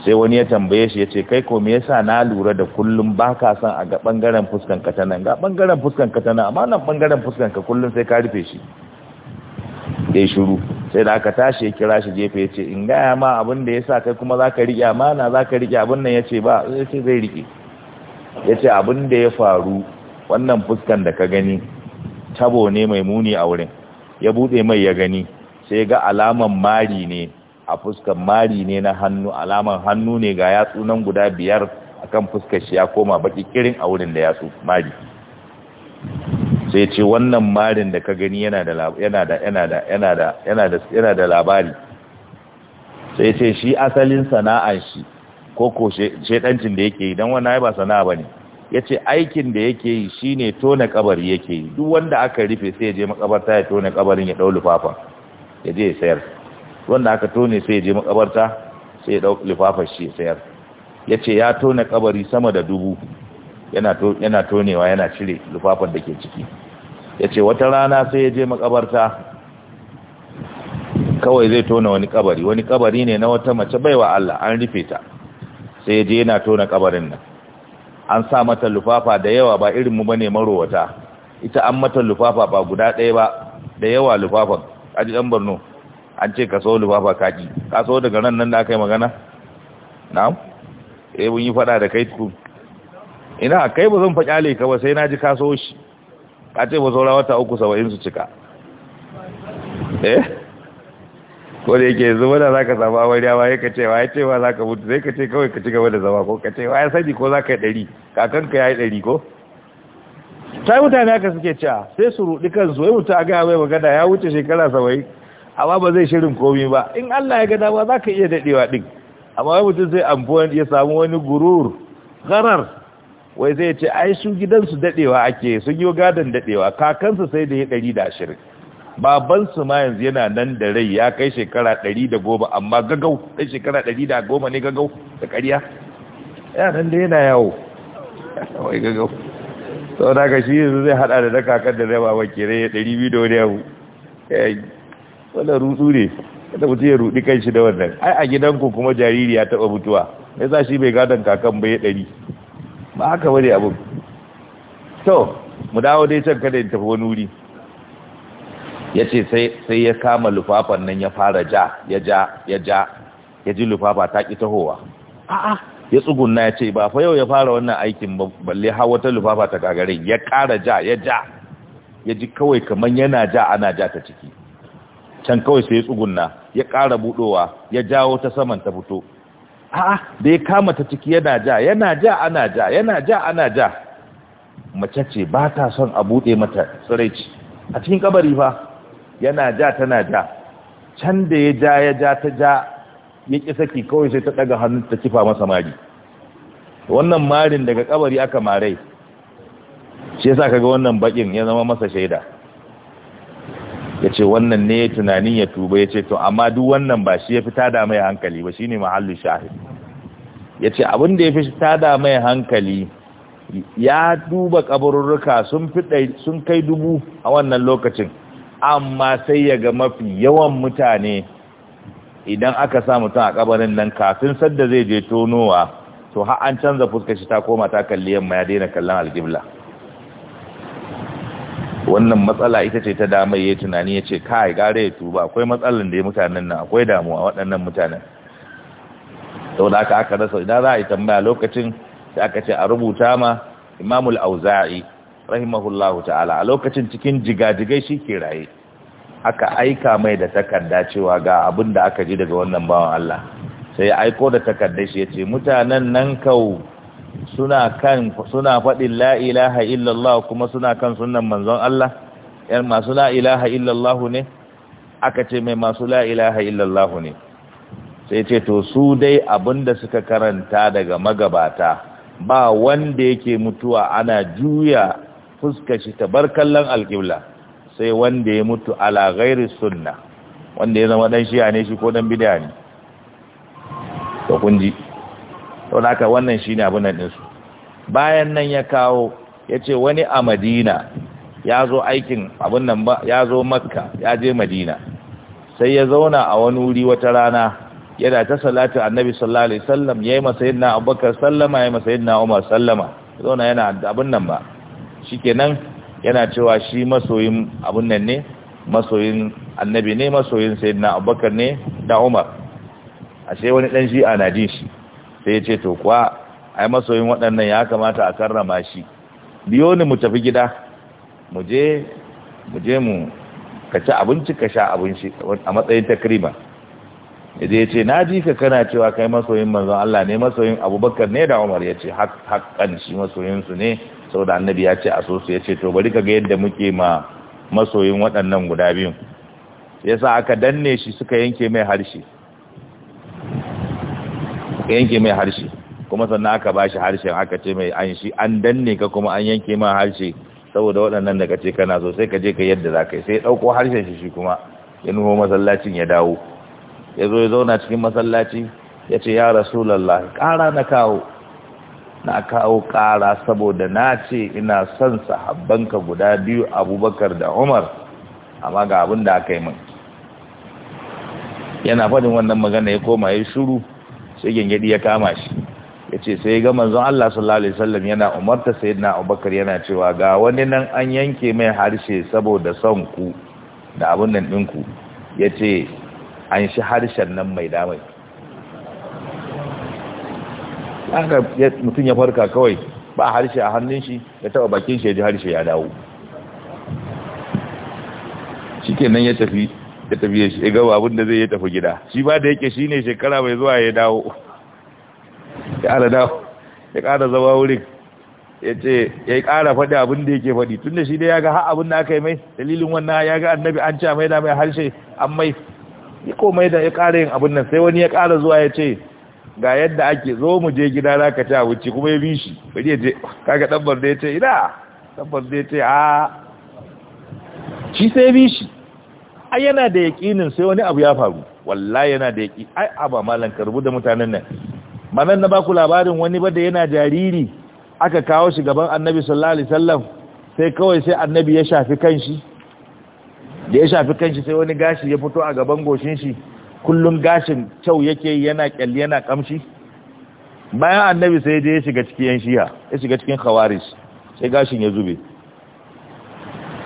[SPEAKER 1] sai wani ya tambaye shi ya ce kai ko me yasa na lura da kullum ba ka son a ga ɓangaren fuskan ka ta nan ga ɓangaren fuskan ka ta nan amma nan ɓangaren fuskan ka kullum sai ka rufe shi ya shiru sai da aka tashi ya kira shi gefe ya ce in gaya ma abin da ya sa kai kuma za ka riƙe amana za ka riƙe abin nan ya ce ba ya ce zai riƙe ya ce abin da ya faru wannan fuskan da ka gani tabo ne mai muni a wurin ya buɗe mai ya gani sai ga alaman mari ne a fuskan mari ne na hannu alaman hannu ne ga yatsu nan guda biyar akan fuskar shi ya koma baƙi kirin a wurin da yatsu mari sai ce wannan marin da ka gani yana da labari sai ce shi asalin sana'an shi ko ko shedancin da yake yi don wani wannan sana'a ba sana'a ya ce aikin da yake yi shi ne tona kabari yake yi duk wanda aka rufe sai ya je makabarta ya tona kabarin ya dau lufafa ya je ya sayar wanda aka tone sai ya je makabarta sai ya dau lufafa shi ya sayar ce ya tona kabari sama da dubu yana tonewa yana cire lufafan da ke ciki ya ce wata rana sai ya je makabarta kawai zai tona wani kabari wani kabari ne na wata mace baiwa Allah an rufe ta sai ya je yana tona kabarin nan an sa mata lufafa da yawa ba irin mu bane marowata ita an mata lufafa ba guda ɗaya ba da yawa lufafan aji dan Borno an ce ka so lufafa kaji so daga ran nan da aka yi magana na'am eh mun yi fada da kai tukun ina kai ba zan faƙyale ka ba sai na ji kaso shi a ce ba saura wata uku saba'in su cika eh ko da yake yanzu da za ka samu amarya ba ya ka cewa ya ce ba za ka mutu zai ka ce kawai ka ci gaba da zama ko ka ce ya sani ko za ka yi ɗari kakanka ya yi ɗari ko ta yi mutane haka suke cewa sai su rudi kansu wai mutu a gaya mai magana ya wuce shekara saba'in amma ba zai shirin komi ba in Allah ya gada ba za ka iya daɗewa ɗin amma wai mutum zai amfuwan ya samu wani gurur gharar wai zai ce ai su gidansu dadewa ake sun yi gadon dadewa kakansu sai da ya ɗari da ashirin babansu ma yanzu yana nan da rai ya kai shekara ɗari da goma amma gagau kai shekara 110 da goma ne gagau da ƙarya yanan da yana yawo wai gagau sau da ka shi yanzu zai haɗa da na kakan da zai ba kere ya ɗari biyu da wani yawo eh, wannan rutu ne kada mutum ya rudi kan shi da wannan ai a gidanku kuma jariri ya taɓa mutuwa ya sa shi bai gadon kakan bai ya ɗari ba haka bane abin to mu dawo dai can kada in tafi wani wuri ya ce sai ya kama lufafan nan ya fara ja ya ja ya ja ya ji lufafa ta ƙi tahowa a'a ya tsugunna ya ce ba fa yau ya fara wannan aikin balle har wata lufafa ta gagare ya ƙara ja ya ja ya ji kawai kamar yana ja ana ja ta ciki can kawai sai ya tsugunna ya ƙara buɗowa ya jawo ta saman ta fito a'a da ya kama ta ciki yana ja yana ja ana ja yana ja ana ja mace ce ba ta son a buɗe mata tsiraici a cikin kabari fa yana ja tana ja can da ya ja ya ja ta ja ya ƙi saki kawai sai ta ɗaga hannu ta kifa masa mari wannan marin daga kabari aka marai shi yasa kaga wannan baƙin ya zama masa shaida ya ce wannan ne tunanin ya tuba ya ce to amma duk wannan ba shi ya fi tada mai hankali ba shi ne mahallin shahid ya ce abinda ya fi tada mai hankali ya duba kabarurruka sun kai dubu a wannan lokacin amma sai ya ga mafi yawan mutane idan aka sa mutum a kabarin nan kafin sadda zai je tonowa to har an canza fuskashi ta koma ta kalli yamma ya daina kallon alƙibla wannan matsala ita ce ta dama ya tunani ya ce kai gare ya tuba akwai matsalar da ya mutanen nan akwai damuwa waɗannan mutanen sau da aka aka rasa idan za a yi tambaya lokacin da aka ce a rubuta ma imamul auza'i rahimahullahu ta'ala a lokacin cikin jigajigai shi ke raye aka aika mai da takarda cewa ga abin da aka ji daga wannan bawan Allah sai ya aiko da takardar shi ya ce mutanen nan kau suna kan suna faɗin la ilaha illallah kuma suna kan sunan manzon Allah yan masu la ilaha illallah ne aka ce mai masu la ilaha illallah ne sai ce to su dai abinda suka karanta daga magabata ba wanda yake mutuwa ana juya fuska shi ta tabarkallan alƙibla sai wanda ya mutu ala ghairi sunna wanda ya zama dan shi'a ne shi ko dan bid'a ne to kun ji to naka wannan shine abin nan din su bayan nan ya kawo ya ce wani a madina ya zo aikin abin nan ba ya zo makka ya je madina sai ya zauna a wani wuri wata rana yana ta salatu annabi sallallahu alaihi wasallam yayi masa sayyidina abubakar sallama yayi masa sayyidina umar sallama zauna yana abin nan ba shikenan yana cewa shi masoyin abin nan ne masoyin annabi ne masoyin sayyidina abubakar ne da umar ashe wani dan shi a jin shi sai ya ce to kuwa ai masoyin waɗannan ya kamata a karrama shi biyo ni mu tafi gida mu je mu je mu ka ci abinci ka sha abinci a matsayin takrima idan ya ce na ji ka kana cewa kai masoyin manzon Allah ne masoyin abubakar ne da umar ya ce haƙƙan shi masoyinsu ne saboda annabi ya ce a so su ya ce to bari ka ga yadda muke ma masoyin waɗannan guda biyun yasa aka danne shi suka yanke mai harshe yanke mai harshe kuma sannan aka bashi harshen aka ce mai an shi an danne ka kuma an yanke ma harshe saboda waɗannan da kace kana so sai ka je ka yadda za ka yi sai ya ɗauko harshen shi shi kuma ya nuho masallacin ya dawo ya zo ya zauna cikin masallaci ya ce ya rasulallah ƙara na kawo na kawo ƙara saboda na ce ina son sahabbanka guda biyu abubakar da umar amma ga abin da aka yi min yana faɗin wannan magana ya koma ya shuru sai gyangyaɗi ya kama shi ya ce sai ga manzon Allah sallallahu alaihi wasallam yana umarta sayyidina Abubakar yana cewa ga wani nan an yanke mai harshe saboda son ku da abun nan ɗinku ya ce an shi harshen nan mai damai aka mutum ya farka kawai ba harshe a hannun shi ya taɓa bakin shi ya ji harshe ya dawo shi nan ya tafi ya tafi ya shi ga abin da zai ya tafi gida shi ba da yake shi ne shekara mai zuwa ya dawo ya ƙara dawo ya ƙara zama wurin ya ce ya ƙara faɗi abin da yake faɗi tun da shi dai ya ga abin da aka yi mai dalilin wannan ya ga annabi an ce a maida mai harshe an mai ya komai da ya ƙara yin abin nan sai wani ya ƙara zuwa ya ce ga yadda ake zo mu je gida za ka ci abinci kuma ya bi shi bari ya je kaga ɗabbar da ya ce ina ɗabbar da ya ce a shi sai ya bi shi ai yana da yaƙinin sai wani abu ya faru wallahi yana da yaƙi ai aba malan karbu da mutanen nan ba nan na ba ku labarin wani ba da yana jariri aka kawo shi gaban annabi sallallahu alaihi wasallam sai kawai sai annabi ya shafi kanshi da ya shafi kanshi sai wani gashi ya fito a gaban goshin shi kullun gashin kyau yake yana kyalli yana kamshi bayan annabi sai je ya shiga cikin yan ya shiga cikin khawarij sai gashin ya zube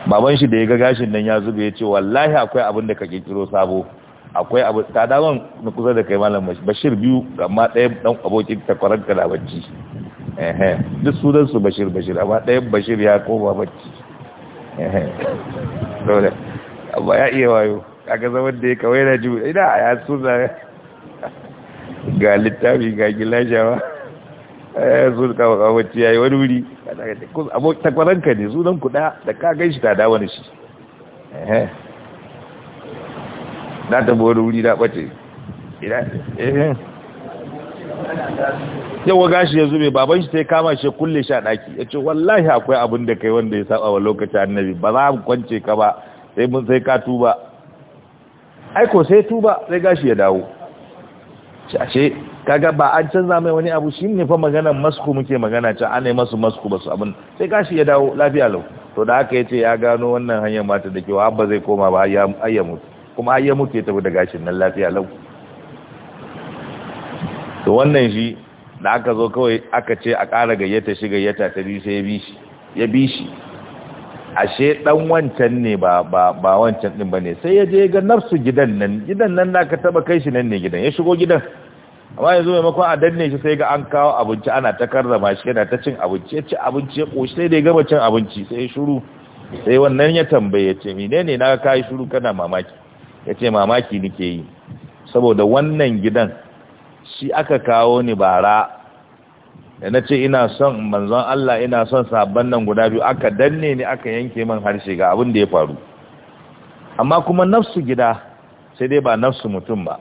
[SPEAKER 1] baban shi da ya ga gashin nan ya zube ya ce wallahi akwai abin da ka kirkiro sabo akwai abu tsadawan na kusa da kai malam bashir biyu amma ɗaya ɗan abokin takwarar da bacci duk sunansu su bashir bashir amma ɗaya bashir ya koma bacci dole amma ya iya wayo aka zaman da ya kawai na ji ina ya suna ga littafi ga gilashawa ya sun da kawo bacci ya yi wani wuri takwaranka ne sunan kuɗa da ka gan shi ta dawa da shi na tafi wani wuri na ɓace eh. yawa gashi ya zube baban shi ta yi kama shi kulle shi a ɗaki ya ce wallahi akwai abin da kai wanda ya saba wa lokacin annabi ba za mu kwance ka ba sai mun sai ka tuba aiko sai tuba sai gashi ya dawo ashe kaga ba an canza mai wani abu shi ne fa maganar masku muke magana ce ana yi masu masku ba su abin sai gashi ya dawo lafiya lau to da haka ya ce ya gano wannan hanyar mata da kewa abba zai koma ba ya mutu kuma har ya mutu ya tafi da gashin nan lafiya lau to wannan shi da aka zo kawai aka ce a ƙara gayyata shi gayyata ta biyu sai ya bi shi ashe dan wancan ne ba ba ba wancan din bane sai ya je ga nafsu gidan nan gidan nan da ka taba kai shi nan ne gidan ya shigo gidan amma yanzu maimakon a danne shi sai ga an kawo abinci ana ta karrama shi yana ta cin abinci ya ci abinci ya ƙoshi sai da ya gama cin abinci sai ya shuru sai wannan ya tambaye ce menene na kai shuru kana mamaki ya ce mamaki nike yi saboda wannan gidan shi aka kawo ni bara da na ce ina son manzon Allah ina son sabon nan guda biyu aka danne ni aka yanke man harshe ga abin da ya faru amma kuma nafsu gida sai dai ba nafsu mutum ba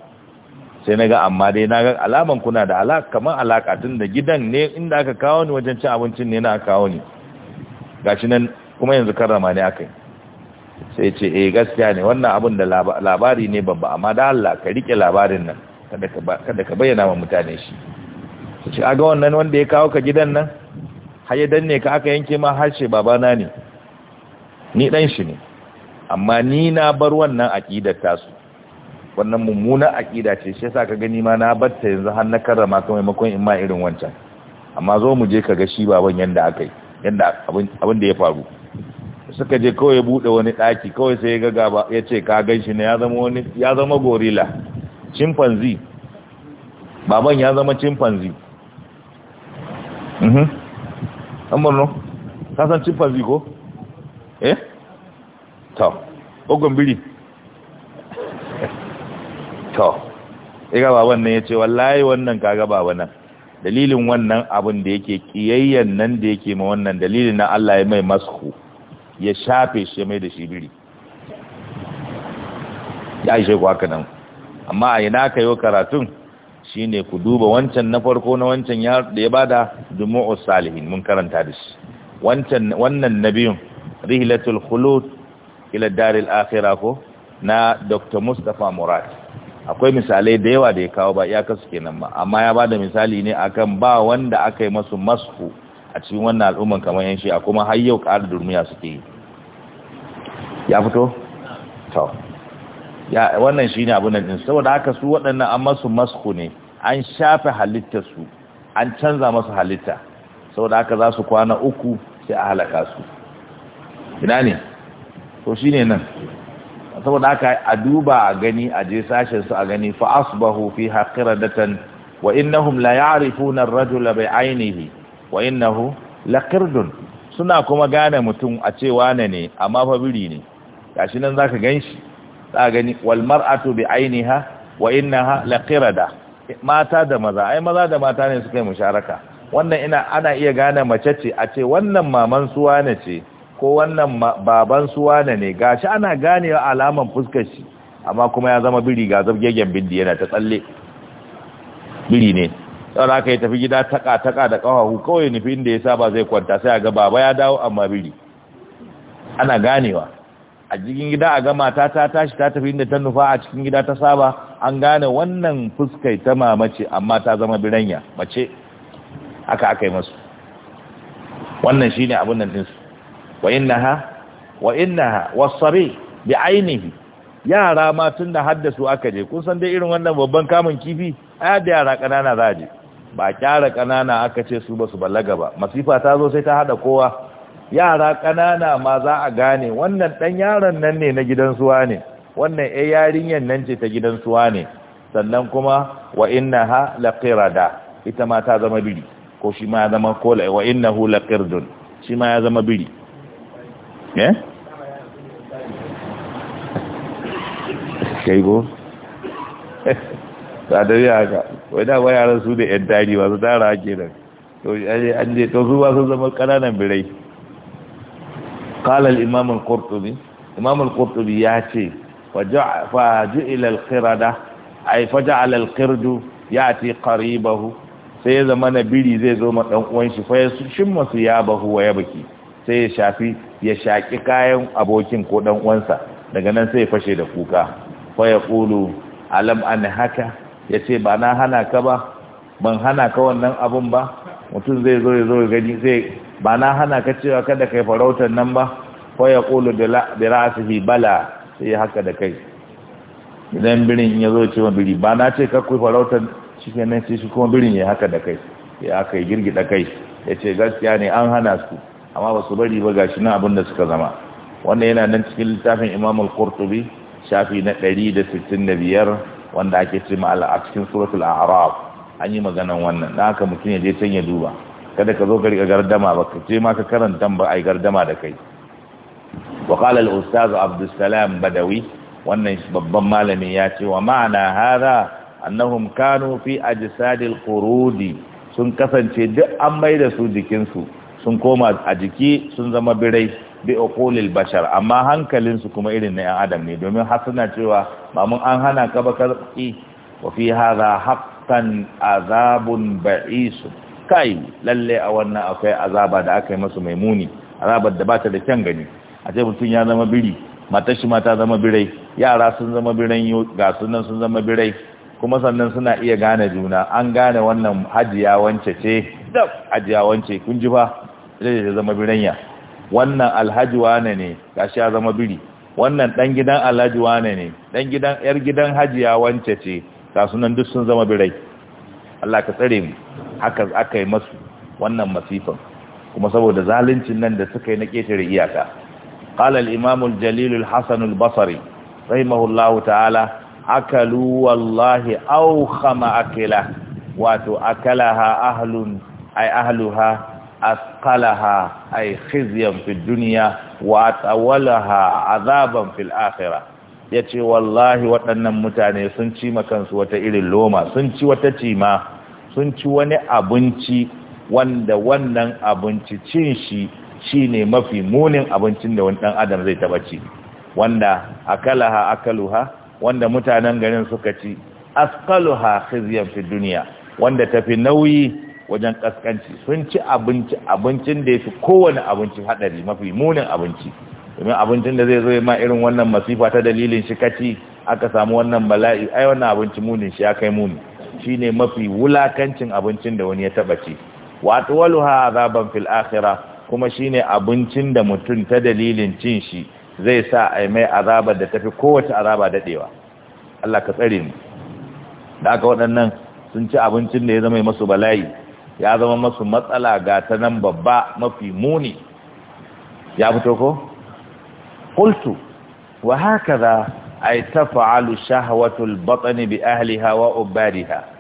[SPEAKER 1] sai na ga amma dai na ga alaman kuna da alaƙa kamar alaƙa tun da gidan ne inda aka kawo ni wajen cin abincin ne na aka kawo ni gashi nan kuma yanzu karrama ne aka yi sai ce eh gaskiya ne wannan abin da labari ne babba amma da Allah ka rike labarin nan kada ka bayyana wa mutane shi ce aga wannan wanda ya kawo ka gidan nan har ya danne ka aka yanke ma harshe babana ne ni dan shi ne amma ni na bar wannan aqidar tasu wannan mummunan aqida ce shi yasa ka gani ma na batta yanzu har na karrama ka maimakon in ma irin wancan amma zo mu je ka ga shi baban yanda akai yanda abin da ya faru suka je kawai bude wani daki kawai sai ya ga ya ce ka ganshi ne ya zama wani ya zama gorilla chimpanzee baban ya zama chimpanzee mhm an borno ka san chimpanzee ko eh to ogon biri to iga baban nan ya ce wallahi wannan kaga baba nan dalilin wannan abin da yake kiyayyen nan da yake ma wannan dalilin na Allah ya mai masku ya shafe shi ya mai da shi biri ya ishe ku haka nan amma a ina ka yi wa karatun shi ne ku duba wancan na farko na wancan da ya bada dumu'us salihin mun karanta da shi wannan wannan biyun rihilatul khulut ila daril akhira ko na Dr. Mustapha Murad akwai misalai da yawa da ya kawo ba iyaka su kenan ba amma ya bada misali ne akan ba wanda aka yi masu masku a cikin wannan al'umman kamar yan shi a kuma har yau ƙara durmiya suke yi ya fito to ya wannan shi shine abun nan saboda haka su waɗannan an masu masku ne an shafe halitta su an canza masu halitta saboda haka za su kwana uku sai a halaka su ina ne to ne nan saboda haka a duba a gani a je sashen su a gani fa asbahu fi datan, wa innahum la ya'rifuna ar-rajula bi 'ainihi wa innahu laqirdun suna kuma gane mutum a cewa ne amma fa biri ne gashi nan zaka ganshi za gani wal mar'atu bi ainiha wa innaha laqirada mata da maza ai maza da mata ne suka yi musharaka wannan ina ana iya gane mace ce a ce wannan maman suwa ne ce ko wannan baban suwa ne ne gashi ana ganewa alaman fuskar shi amma kuma ya zama biri ga zabgegen bindi yana ta tsalle biri ne sau da aka yi tafi gida taka-taka da ƙawahu kawai nufin da ya saba zai kwanta sai a ga baba ya dawo amma biri ana ganewa a cikin gida a gama ta ta tashi ta tafi inda ta nufa a cikin gida ta saba an gane wannan fuskai ta mamace amma ta zama biranya mace haka aka yi masu wannan shi ne abin nan ɗinsu wa ha wa innaha wasare bi ainihi yara ma tun da haddasu aka je kun san dai irin wannan babban kamun kifi a da yara ƙanana za a je ba kyara ƙanana aka ce su ba su balaga ba masifa ta zo sai ta haɗa kowa yara ƙanana ma za a gane wannan ɗan yaron nan ne na gidan suwa ne wannan ya yarinyar nan ce ta gidan suwa ne sannan kuma wa inna ha da ita ma ta zama biri ko shi ma ya zama kola wa inna hu laqirdun shi ma ya zama biri go ta da ya wai da yaran su da yan dari su tara ake nan to to su ba su zama kananan birai qala al-imam al-qurtubi imam al qurtubi ya ce fa ju'ila al-qirada ay fa ja'ala sai ya zama na biri zai zo ma ɗan uwan fa ya shimma ya bahu wa ya baki sai ya shafi ya shaki kayan abokin ko dan uwansa daga nan sai ya fashe da kuka fa ya qulu alam an haka yace ba na hana ka ba ban hana ka wannan abun ba mutum zai zo ya zo gani zai ba na hana ka cewa kada kai farautar nan ba ko ya kulu bi ra'sihi bala sai ya haka da kai idan birin ya zo cewa biri ba na ce kakku farautar cikin nan sai shi kuma birin ya haka da kai ya aka yi girgida kai ya ce gaskiya ne an hana su amma ba su bari ba ga shi nan abin da suka zama wannan yana nan cikin littafin imam al-qurtubi shafi na ɗari da da biyar wanda ake ce a cikin suratul a'raf an yi maganan wannan na haka mutum ya je can ya duba kada ka zo ka riƙa gardama ba ka ce ma ka karanta ba ai gardama da kai wa qala al ustaz abdussalam badawi wannan babban malamin ya ce wa ma'ana hada annahum kanu fi ajsadil qurudi sun kasance duk an mai da su jikinsu sun koma a jiki sun zama birai bi uqulil bashar amma hankalinsu kuma irin na yan adam ne domin har suna cewa mamun an hana ka ba karbi wa fi hadha haqqan azabun ba'isun kai lalle a wannan akwai azaba da aka yi masa mai muni azabar da bata da kyan gani a ce mutum ya zama biri matar shi mata zama birai yara sun zama birai ga sunan sun zama birai kuma sannan suna iya gane juna an gane wannan hajiya wance ce dab hajiya wance kun ji fa zai da zama biranya wannan alhaji wane ne ga shi ya zama biri wannan dan gidan alhaji wane ne dan gidan yar gidan hajiya wance ce ga sunan duk sun zama birai Allah ka tsare mu haka aka yi masu wannan masifan kuma saboda zaluncin nan da suka yi na ƙetare iyaka qala al-imam al-jalil al-hasan ta'ala akalu wallahi aw khama wato akalaha ahlun ay ahluha asqalaha ay khizyan fid dunya wa atawalaha azaban fil Ya ce wallahi waɗannan mutane sun ci makansu wata irin loma sun ci wata cima sun ci wani abinci wanda wannan abinci cin shi shine mafi munin abincin da wani dan adam zai taba ci wanda akalaha akaluha wanda mutanen garin suka ci askaluha khizyan fi duniya, wanda tafi nauyi wajen kaskanci sun ci abinci abincin da yafi kowane abinci hadari mafi munin abinci domin abincin da zai zo ma irin wannan masifa ta dalilin shi kaci aka samu wannan bala'i ai wannan abinci munin shi ya kai muni shine mafi wulakancin abincin da wani ya taba ci wato waluha azaban fil akhirah kuma shine abincin da mutum ta dalilin cin shi zai sa ai mai azaba da tafi kowace azaba dadewa Allah ka tsare mu da aka waɗannan sun ci abincin da ya zama masu bala'i ya zama masu matsala ga ta nan babba mafi muni ya fito ko qultu wa hakaza ay taf'alu shahwatul batn bi ahliha wa ubadiha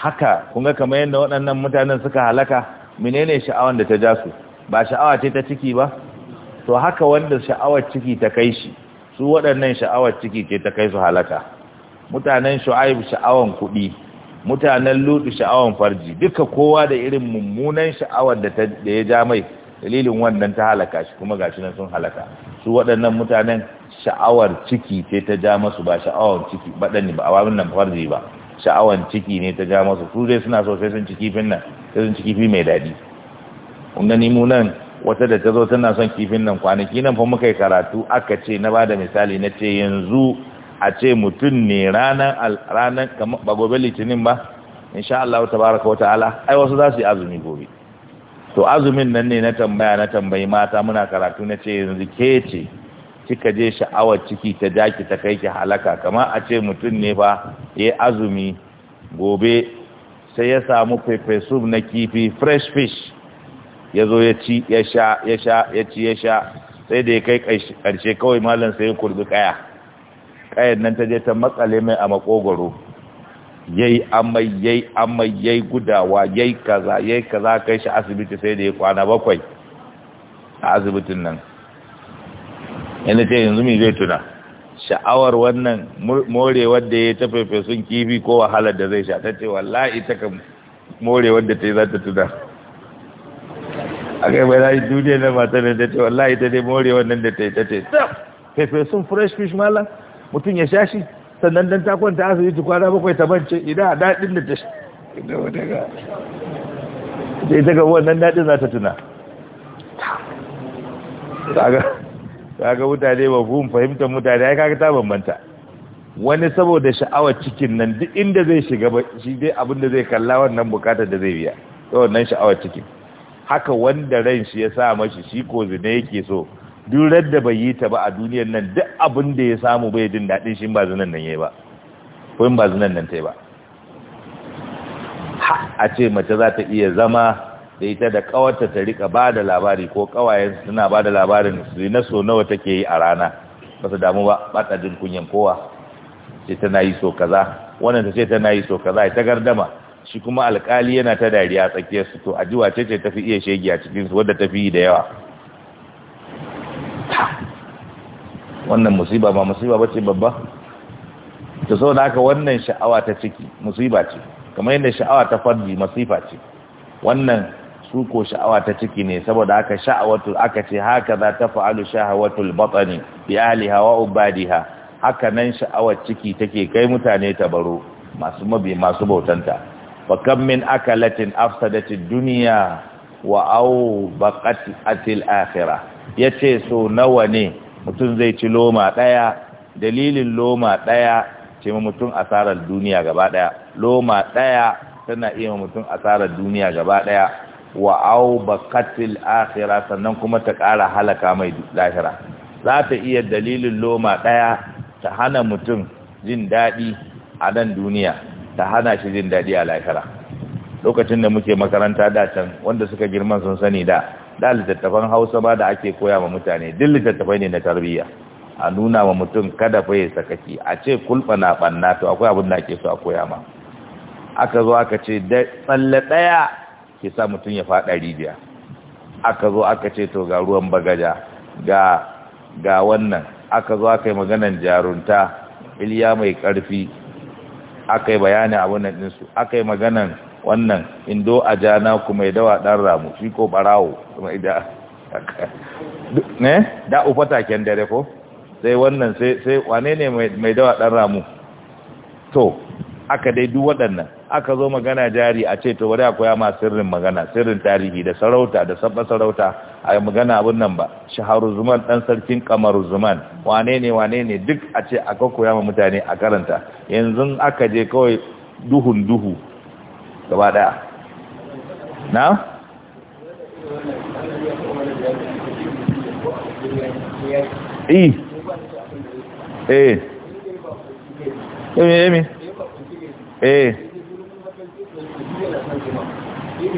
[SPEAKER 1] haka kun ga kamar yadda waɗannan mutanen suka halaka menene sha'awar da ta ja su ba sha'awa ce ta ciki ba to haka wanda sha'awar ciki ta kai shi su waɗannan sha'awar ciki ce ta kai su halaka mutanen shu'aib shaawar kuɗi mutanen lutu sha'awar farji duka kowa da irin mummunan sha'awar da ya ja mai dalilin wannan ta halaka shi kuma gashi nan sun halaka su waɗannan mutanen sha'awar ciki ce ta ja masu ba sha'awar ciki baɗani ba a wannan farji ba sha'awan ciki ne ta ja masu su dai suna so sai sun ci kifin nan sai sun ci kifi mai daɗi kun gani mu nan wata da ta zo tana son kifin nan kwanaki nan fa muka yi karatu aka ce na bada misali na ce yanzu a ce mutum ne ranar ranar ba gobe litinin ba insha Allah baraka wa ta'ala ai wasu za su yi azumi gobe to azumin nan ne na tambaya na tambayi mata muna karatu na ce yanzu ke ce kika je sha'awar ciki ta daki ta kai ki halaka kamar a ce mutum ne ba ya azumi gobe sai ya samu pepe soup na kifi fresh fish ya zo ya ci ya sha ya sha ya ci ya sha sai da ya kai karshe kawai malam sai ya kurbi kaya kayan nan ta je ta matsale mai a makogoro yayi amma yayi amma yayi gudawa yayi kaza yayi kaza kai shi asibiti sai da ya kwana bakwai a asibitin nan yana ce yanzu mi zai tuna sha'awar wannan more wadda ya tafafe sun kifi ko wahalar da zai sha ta ce wallahi ta kan more wadda ta yi za ta tuna a kai bai zai duniya na mata ne ta ce wallahi ta dai more wannan da ta yi ta ce fefe sun fresh fish mala mutum ya sha shi sannan dan ta kwanta asibiti kwana bakwai ta bance idan a daɗin da ta shi da ita ga wannan daɗin za ta tuna kaga mutane ba fuhun fahimtar mutane ya kaga ta bambanta wani saboda sha'awar cikin nan duk inda zai shiga ba shi dai abin zai kalla wannan bukatar da zai biya to wannan sha'awar cikin haka wanda ran shi ya sa mashi shi ko zina yake so duk radda bai yi ta ba a duniyar nan duk abin ya samu bai jin daɗin shi ba zinan nan yayi ba ba tai ba a ce mace za ta iya zama da ita da kawarta ta rika ba da labari ko kawayen suna ba da labarin su na so nawa take yi a rana ba su damu ba ba jin kunyan kowa ce tana yi so kaza wannan ta ce tana yi so kaza ita gardama shi kuma alkali yana ta dariya tsakiyar su to ajiwa ce ce tafi iya shege a cikin su wadda tafi yi da yawa wannan musiba ba musiba ba ce babba ta sau da haka wannan sha'awa ta ciki musiba ce kamar yadda sha'awa ta farji masifa ce wannan su ko sha'awa ta ciki ne saboda haka sha'awatu aka ce haka za ta fa'alu sha'awatul batani bi ahli hawa ubadiha haka nan sha'awar ciki take kai mutane ta baro masu mabi masu bautanta fa kam min akalatin afsadatid dunya wa au baqat atil akhirah yace so nawa ne mutum zai ci loma daya dalilin loma daya ce mutum asarar duniya gaba daya loma daya tana iya mutum asarar duniya gaba daya wa au bakatil akhira sannan kuma ta kara halaka mai lahira za ta iya dalilin loma ɗaya ta hana mutum jin daɗi a nan duniya ta hana shi jin daɗi a lahira lokacin da muke makaranta da can wanda suka girman sun sani da da littattafan hausa ba da ake koya ma mutane duk littattafai ne na tarbiyya a nuna wa mutum kada fa ya sakaki a ce kulɓa na ɓanna to akwai abin da ake so a koya ma aka zo aka ce tsalle ɗaya ke sa mutum ya faɗa ribiya aka zo aka ce to ga ruwan bagaja ga ga wannan aka zo aka yi maganan jarunta iliya mai ƙarfi, aka yi bayani abin ɗinsu aka yi maganan wannan indo a jana kuma ya dawa ɗan ramu shi ko ɓarawo kuma ne da ufa taken dare ko sai wannan sai wane ne mai dawa ɗan ramu to aka dai duk waɗannan aka zo magana jari a ce to wani akwai ma sirrin magana sirrin tarihi da sarauta da sabba sarauta a magana abin nan ba shaharu zuman dan sarkin kamaru zuman wane ne wane ne duk a ce aka koya ma mutane a karanta yanzu aka je kawai duhun duhu gaba daya na E. eh eh E.
[SPEAKER 2] yana son zuma ne ne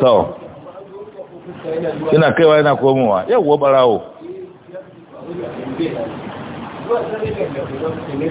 [SPEAKER 2] to to yana
[SPEAKER 1] kaiwa yana komowa yawwa barawo
[SPEAKER 2] zuwa ne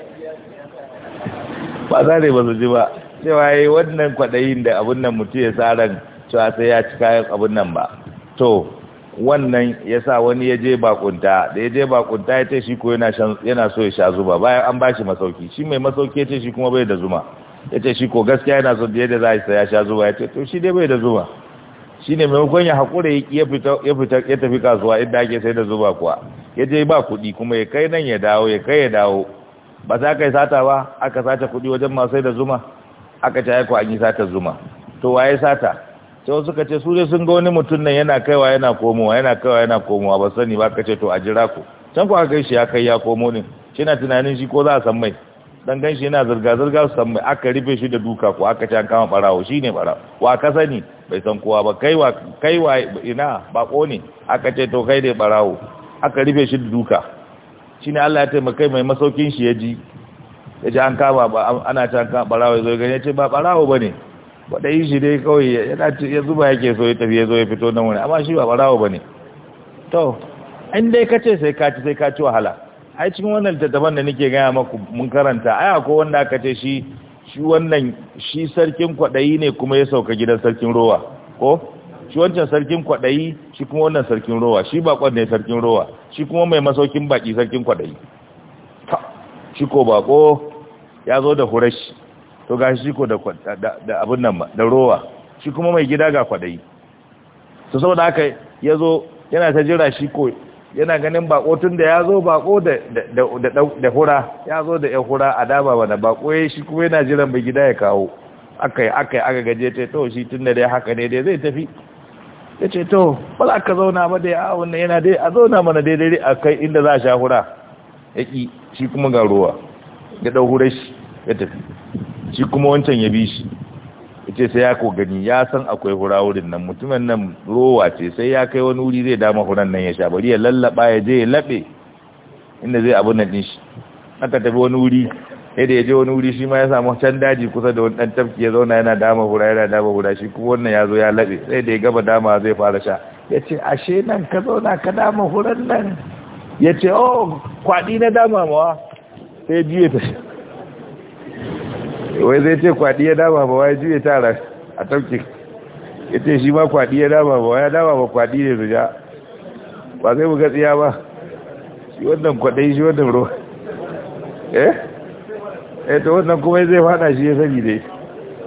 [SPEAKER 1] ba za ne ba su ji ba cewa yi wannan kwaɗayin da abin nan mutu ya tsaran cewa sai ya ci kayan abin nan ba to wannan ya sa wani ya je bakunta da ya je bakunta ya ce shi ko yana so ya sha zuba bayan an ba shi masauki shi mai masauki ya ce shi kuma bai da zuma ya ce shi ko gaskiya yana so da za a yi ya sha zuba ya ce to shi dai bai da zuma shi ne maimakon ya haƙura ya tafi kasuwa inda ake sai da zuba kuwa ya je ba kuɗi kuma ya kai nan ya dawo ya kai ya dawo ba za ka yi sata ba aka sace kuɗi wajen masu sai da zuma aka ta yako an yi sata zuma to waye sata sai wasu ka ce su dai sun ga wani mutum nan yana kaiwa yana komowa yana kaiwa yana komowa ba sani ba ka ce to a jira ku can ku aka kai shi ya kai ya komo ne shi na tunanin shi ko za a san mai dan gan shi yana zirga zirga su san mai aka rufe shi da duka ko aka ce an kama barawo shi ne barawo wa ka sani bai san kowa ba kai wa kai wa ina bako ne aka ce to kai dai barawo aka rufe shi da duka ne Allah ya taimaka mai masaukin shi ya ji ya ji an kama ba ana can kama barawo ya zo gani ya ce ba barawo ba ne yi shi dai kawai ya zuba yake so ya tafiye zo ya fito nan wani amma shi ba barawo ba ne to in dai ka ce sai kaci sai kaci wahala ai cikin wannan littattafan da nake gaya maku mun karanta ai ko wanda aka ce shi shi wannan shi sarkin kwaɗayi ne kuma ya sauka gidan sarkin rowa ko shi wancan sarkin kwaɗayi shi kuma wannan sarkin rowa shi bakon ne sarkin rowa shi kuma mai masaukin baki sarkin kwaɗayi shi ko bako ya zo da hurashi to ga shi ko da abin nan da rowa shi kuma mai gida ga kwaɗayi su sau da haka ya zo yana ta jira shi ko yana ganin bako tun da ya zo bako da hura ya zo da ya hura a dama bana bako ya shi kuma yana jiran mai gida ya kawo aka yi aka yi aka gaje ta yi shi tun da dai haka ne dai zai tafi ya ce to ba za ka zauna ba dai a wannan yana dai a zauna mana daidai a kai inda za a sha hura ya ƙi shi kuma ga ruwa ya ɗau hura shi ya tafi shi kuma wancan ya bi shi ya ce sai ya ko gani ya san akwai hura wurin nan mutumin nan rowa ce sai ya kai wani wuri zai dama huran nan ya sha bari ya lallaɓa ya je ya laɓe inda zai abu na ɗin shi aka tafi wani wuri sai da ya je wani wuri shi ma ya samu can daji kusa da wani dan tafki ya zauna yana dama hura yana dama hura shi kuma wannan ya zo ya laɓe sai da ya gaba dama zai fara sha ya ce ashe nan ka zauna ka dama huran nan ya ce oh kwaɗi na dama mawa sai juye ta shi wai zai ce kwaɗi ya dama mawa ya juye tara a tafki ya ce shi ma kwaɗi ya dama mawa ya dama ma kwaɗi ne su ja ba zai mu gatsiya ba shi wannan kwaɗai shi wannan ruwa eh eh to wannan kuma zai fada shi ya sani dai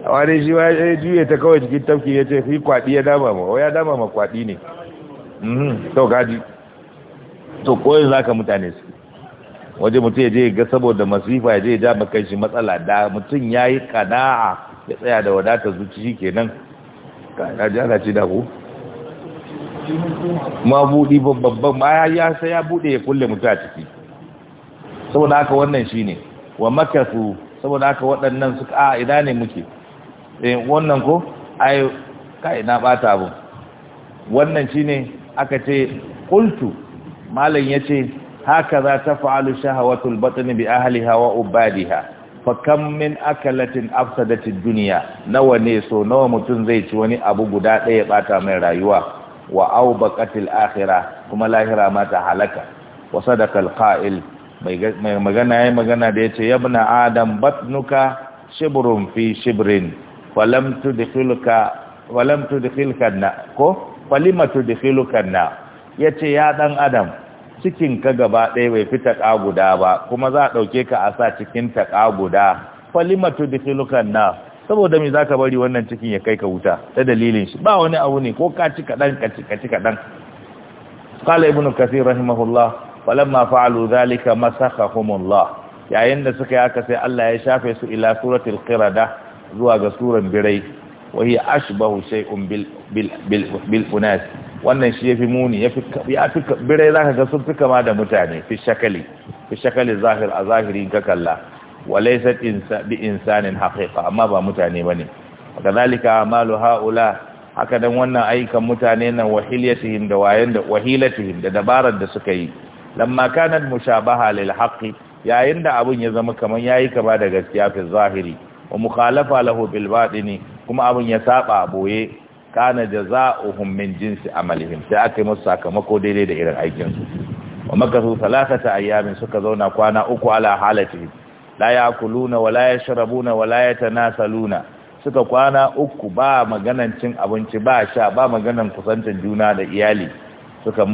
[SPEAKER 1] amma dai shi ba ya juye ta kawai cikin tafki ya ce fi kwaɗi ya dama ma o ya dama ma kwaɗi ne mhm, to gaji to za zaka mutane su waje mutum ya je ga saboda masifa ya je ya ja kan shi matsala da mutum ya yi kana'a ya tsaya da wadatar zuci shi kenan ka ji ana ce da ku ma buɗi babban ma ya sai ya buɗe ya kulle mutum a ciki saboda haka wannan shi ne wa makasu saboda aka waɗannan suka a ina ne muke eh, wannan ko ai kai na bata abu wannan shine aka ce qultu malam yace haka za ta fa'alu shahawatul batni bi ahliha wa ubadiha fa kam min akalatin afsadatid dunya nawa ne so nawa mutun zai ci wani abu guda ɗaya bata mai rayuwa wa aubaqatil akhirah kuma lahira ma ta halaka wa sadaqal qa'il mai magana ya magana da ya ce ya bina adam batnuka shibirin fi shibirin falamtu da filkan na ko falimatu da filkan na ya ce ya dan adam cikinka gaba ɗaya bai fi taƙa guda ba kuma za a ɗauke ka a sa cikin taƙa guda falimatu da filkan na saboda mai za ka bari wannan cikin ya kai ka wuta ta dalilin shi ba wani abu ne ko ka ci kaɗan ka ci kaɗan kala ibn kasir rahimahullah falamma fa'alu dhalika masakhahumullah yayin da suka yi haka sai Allah ya shafe su ila suratul qirada zuwa ga suran birai wa hiya ashbahu shay'un bil bil bil unas wannan shi yafi muni yafi yafi birai zaka ga sun fi kama da mutane fi shakali fi shakali zahir a zahiri ka kalla wa laysat bi insanin haqiqa amma ba mutane bane kadhalika malu haula haka dan wannan ayyukan mutane nan wahilatihim da wayan da wahilatihim da dabarar da suka yi lamma kanat mushabaha lil haqqi yayin da abun ya zama kaman yayi kaba da gaskiya fi zahiri wa mukhalafa lahu bil batini kuma abun ya saba boye kana jazaohum min jinsi amalihim sai aka yi musu sakamako daidai da irin aikin su wa makasu salasata ayyamin suka zauna kwana uku ala halatihi la yakuluna wa la yashrabuna wa la yatanasaluna suka kwana uku ba maganan cin abinci ba sha ba maganan kusantar juna da iyali suka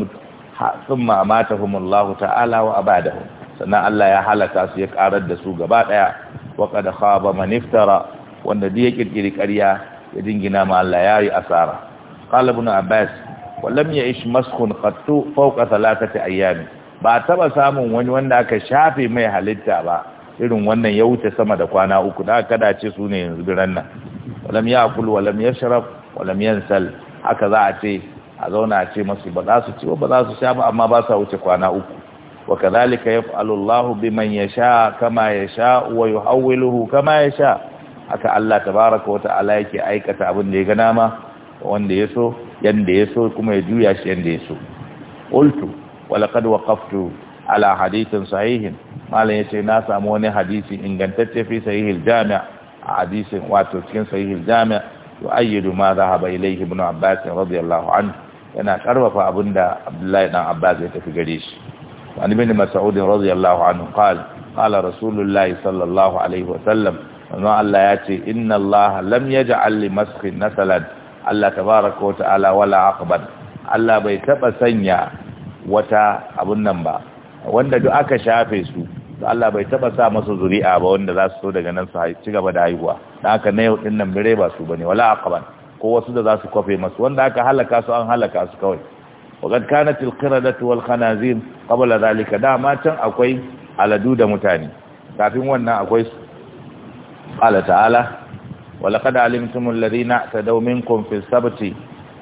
[SPEAKER 1] sun mamata humullahu ta'ala wa abadahu sannan Allah ya halaka su ya karar da su gaba daya wa qad khaba man wanda duk ya kirkiri ƙarya ya dingina ma Allah yayi asara qala ibn abbas wallam ya'ish maskhun qattu fawqa thalathati ayyam ba taba samun wani wanda aka shafe mai halitta ba irin wannan ya wuce sama da kwana uku da kada ce su ne yanzu biran nan walam ya'kul walam yashrab walam sal. haka za a ce a zauna a ce masu ba za su ci ba za su sha ba amma ba sa wuce kwana uku wa kadhalika yaf'alu biman yasha kama yasha wa yuhawwiluhu kama yasha haka Allah tabaaraka wa ta'ala yake aikata abin da ya ga nama wanda ya so yanda ya so kuma ya juya shi yanda ya so qultu wa laqad waqaftu ala hadithin sahihin malam yace na samu wani hadisi ingantacce fi sahihil jami' hadisin wato cikin sahihil jami' yu'ayyidu ma dhahaba ilayhi ibn Abbas radiyallahu anhu yana karfafa abin da abdullahi dan abbas ya tafi gare shi wani bin mas'ud radiyallahu anhu qala qala rasulullahi sallallahu alaihi wa sallam. wannan Allah ya ce inna Allah lam yaj'al li maskin nasalan Allah tabaaraka wa ta'ala wala aqban Allah bai taba sanya wata abun nan ba wanda duk aka shafe su Allah bai taba sa masa zuri'a ba wanda za su so daga nan su ci gaba da haihuwa dan haka na yau din nan bire ba su bane wala aqban ko wasu da za su kwafe masu wanda aka halaka su an halaka su kawai wakad kanat alqiradatu wal khanazir qabla zalika dama can akwai aladu da mutane kafin wannan akwai su ala ta'ala walaqad alimtumul ladina tadaw minkum fis sabti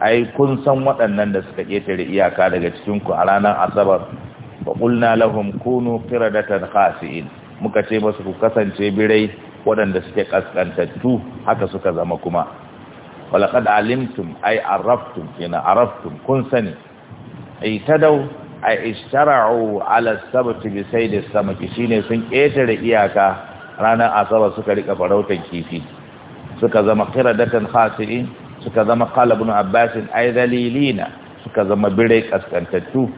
[SPEAKER 1] ai kun san waɗannan da suka ketare iyaka daga cikin a ranar asabar wa qulna lahum kunu qiradatan khasi'in muka ce musu ku kasance birai waɗanda suke kaskantattu haka suka zama kuma walaqad alimtum ay araftum yana araftum kun sani ay tadaw ay ishtara'u ala sabt bi sayd samaki shine sun ƙetare iyaka ranar asabar suka rika farautan kifi suka zama qiradatan khasi'in suka zama qala ibn abbas ay dalilina suka zama birai kaskantattu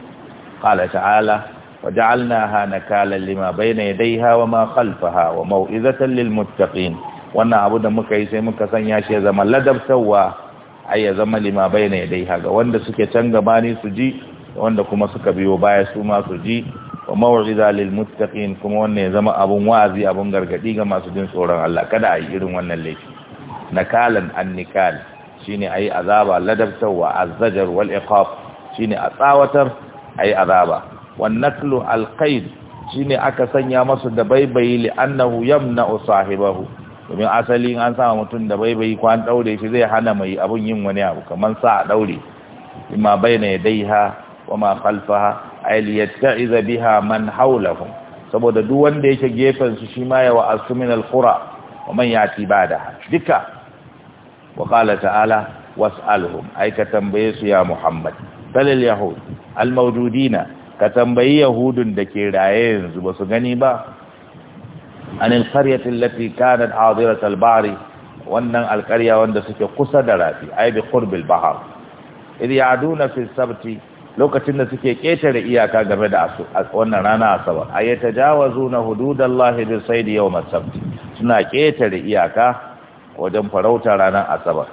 [SPEAKER 1] qala ta'ala وجعلناها نكالا لما بين يديها وما خلفها وموئذة للمتقين wannan abu da muka yi sai muka sanya shi ya zama ladabtarwa ai ya zama lima bayna yadaiha ga wanda suke can bani su ji wanda kuma suka biyo baya su ma su ji wa maw'iza lil muttaqin kuma wannan ya zama abun wa'azi abun gargadi ga masu jin tsoron Allah kada a yi irin wannan laifi nakalan annikal shine ayi azaba ladabtarwa azzajar wal iqab shine a tsawatar ayi azaba wan naklu al qaid shine aka sanya masa da baibayi li annahu yamna sahibahu domin asali an sa mutum da bai bai kwan daure shi zai hana mai abun yin wani abu kamar sa a daure imma baina yadaiha wa ma khalfaha ay liyatta'iza biha man hawlahum saboda duk wanda yake gefen su shi ma ya wa asmin alqura wa man yati badaha duka wa qala ta'ala was'alhum ay ka tambaye su ya muhammad balil yahud almawdudina ka tambayi yahudun da ke raye yanzu ba su gani ba an alqaryati allati kanat hadirat albahri wannan alqarya wanda suke kusa da rafi ay bi qurbil bahr idh ya'duna fi sabti lokacin da suke ketare iyaka game da wannan rana asabar ayatajawazuna hududallahi bi saydi yawm as-sabt suna ketare iyaka wajen farauta ranar asabar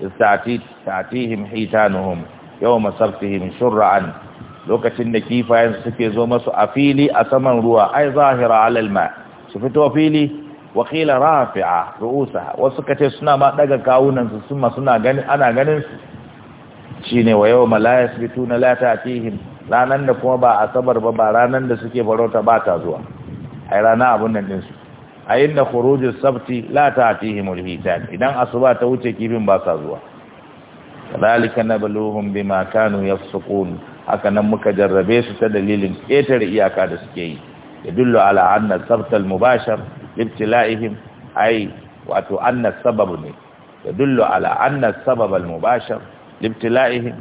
[SPEAKER 1] istati tatihim hitanuhum yawm sabtihim shur'an lokacin da kifayen suke zo masu a fili a saman ruwa ai zahira alal ma su fito fili wakila rafi'a ru'usaha wasu kace suna ma daga kawunan su suma suna gani ana ganin su shine wa yau la bituna la ta'tihim ranan da kuma ba asabar ba ba ranan da suke barota ba ta zuwa ai rana abun nan din su ai inna khurujus sabti la ta'tihim al-hitan idan asuba ta wuce kifin ba sa zuwa kadalika nabluhum bima kanu yafsukun haka nan muka jarrabe su ta dalilin ƙetare iyaka da suke yi يدل على أن السبت المباشر لابتلائهم أي وأتو أن السبب يدل على أن السبب المباشر لابتلائهم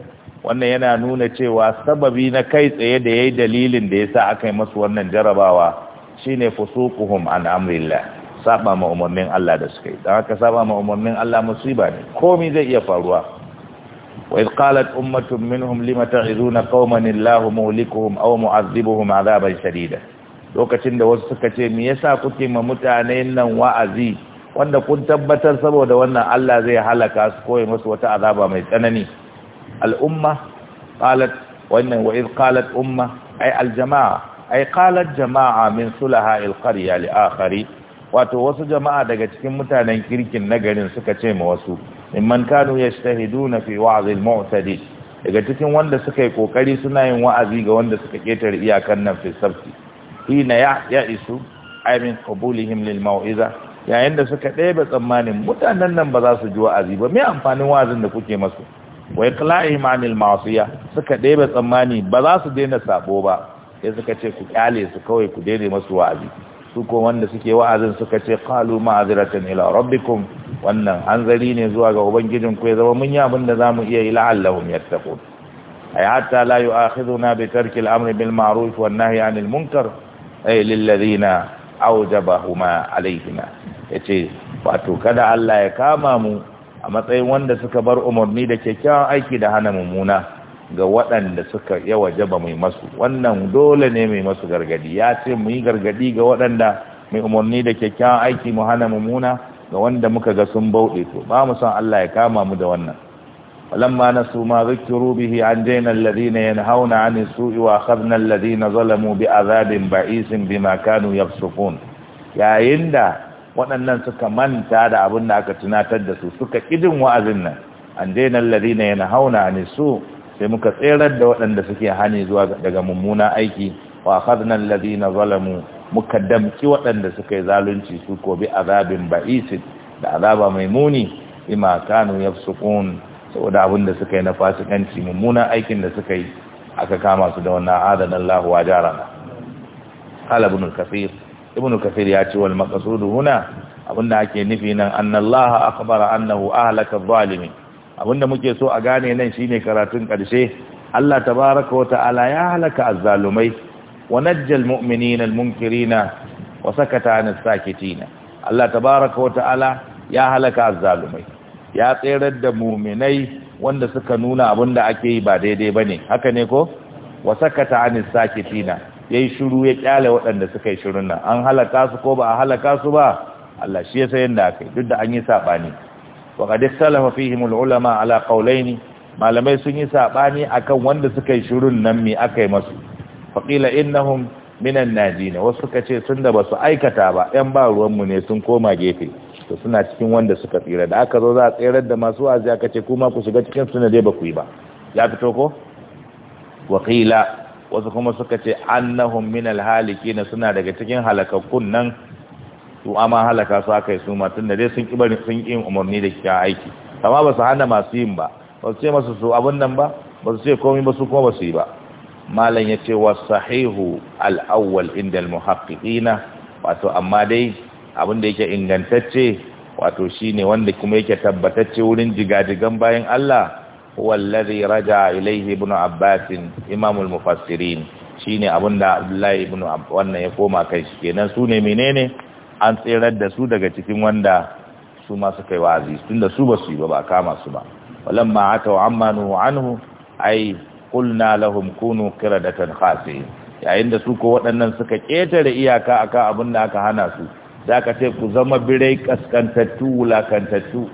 [SPEAKER 1] wannan yana nuna cewa sababi na kai tsaye da yayi dalilin da ya yasa aka yi masu wannan jarrabawa shine fusuquhum an amrillah saba ma umarnin Allah da suka yi dan haka saba ma umarnin Allah musiba ne komai zai iya faruwa wa id qalat ummatun minhum lima ta'izuna qauman illahu mulikuhum aw mu'adhibuhum 'adaban shadida lokacin da wasu suka ce me yasa kuke ma mutane nan wa'azi wanda kun tabbatar saboda wannan Allah zai halaka su koyi musu wata azaba mai tsanani al'umma qalat wannan wa id qalat umma ay aljama'a ay qalat jama'a min sulaha qarya li akhari wato wasu jama'a daga cikin mutanen kirkin na garin suka ce ma wasu man kanu yajtahiduna fi wa'z al-mu'tadi daga cikin wanda suka yi kokari suna yin wa'azi ga wanda suka ketare iyakan nan fi sabti hina ya ya isu amin qabulihim lil mau'iza yayin da suka ɗebe tsammanin mutanen nan ba za su ji wa'azi ba me amfanin wa'azin da kuke masu wai iqla'ihim anil ma'siya suka ɗebe tsammani ba za su daina sabo ba sai suka ce ku kyale su kawai ku daina masu wa'azi su ko wanda suke wa'azin suka ce qalu ma'azratan ila rabbikum wannan hanzari ne zuwa ga ubangijin ku ya zama mun yi abin da zamu iya ila allahum yattaqun ay hatta la yu'akhiduna bi tarki al-amri bil ma'ruf wan nahyi anil munkar ay eh, lillazina awjabahuma alaihima yace wato kada Allah ya kama mu a matsayin wanda suka bar umarni da kyakkyawan aiki da hana mummuna ga waɗanda suka ya wajaba mai masu wannan dole ne mai masu gargadi ya ce mu yi gargadi ga waɗanda mai umarni da kyakkyawan aiki mu hana mummuna ga wanda muka ga sun bauɗe to ba mu son Allah ya kama mu da wannan فلما نسوا ما ذكروا به أنجينا الذين ينهون عن السوء وأخذنا الذين ظلموا بعذاب بئيس بما كانوا يفسقون يا يندا waɗannan suka manta da abin da aka tunatar da su suka ƙidin wa'azin nan an daina lalina yana hauna ne su sai muka tserar da waɗanda suke hani zuwa daga mummuna aiki wa khadnan ladina zalamu muka damki waɗanda suka yi zalunci su ko bi azabin ba'isid da azaba mai muni bima kanu yafsukun saboda abin da suka yi na fasikanci mummunan aikin da suka yi aka kama su da wannan adanan lahuwa jarana qala ibn al-kathir ibn al-kathir ya ce wal maqsud huna abinda ake nufi nan annallaha akhbara annahu ahlaka adh-dhalimin abinda muke so a gane nan shine karatun karshe Allah tabaaraka wa ta'ala ya halaka az-zalumai wa najja al-mu'minina al-munkirina wa sakata 'an as-sakitina Allah tabaaraka wa ta'ala ya halaka azzalumai. ya tserar da muminai wanda suka nuna abin da ake yi ba daidai ba ne haka ne ko wasakata anis sakitina yayi shiru ya kyale waɗanda suka yi shirun nan an halaka su ko ba a halaka su ba Allah shi ya yanda aka yi duk da an yi sabani wa qad ikhtalafa fihim ulama ala malamai sun yi sabani akan wanda suka yi shirun nan mi aka yi masu faqila innahum minan najina wasu kace sun da su aikata ba yan ba ruwan mu ne sun koma gefe su suna cikin wanda suka tsira da aka zo za a tsirar da masu wa'azi aka ce kuma ku shiga cikin suna dai ba ku yi ba ya fito ko wakila wasu kuma suka ce annahum min na suna daga cikin halakakkun nan su amma halaka su aka yi su matun da dai sun bari sun yi umarni da kika aiki amma ba su hana masu yin ba ba su ce masu su abun nan ba ba su ce komai ba su kuma ba su yi ba malam ya ce wa sahihu al'awwal inda al-muhaqqiqina wato amma dai abin da yake ingantacce wato shine wanda kuma yake tabbatacce wurin jigajigan bayan Allah wallazi raja ilaihi ibn abbas imamul mufassirin shine abin da abdullahi ibn wannan ya koma kai shi kenan su ne menene an tserar da su daga cikin wanda su ma suka yi wa'azi tunda su ba su yi ba ba kama su ba walamma ataw ammanu anhu ai qulna lahum kunu qiradatan khasi yayin da su ko waɗannan suka ketare iyaka akan abin da aka hana su Za ka ce ku zama birai kaskantattu wulakantattu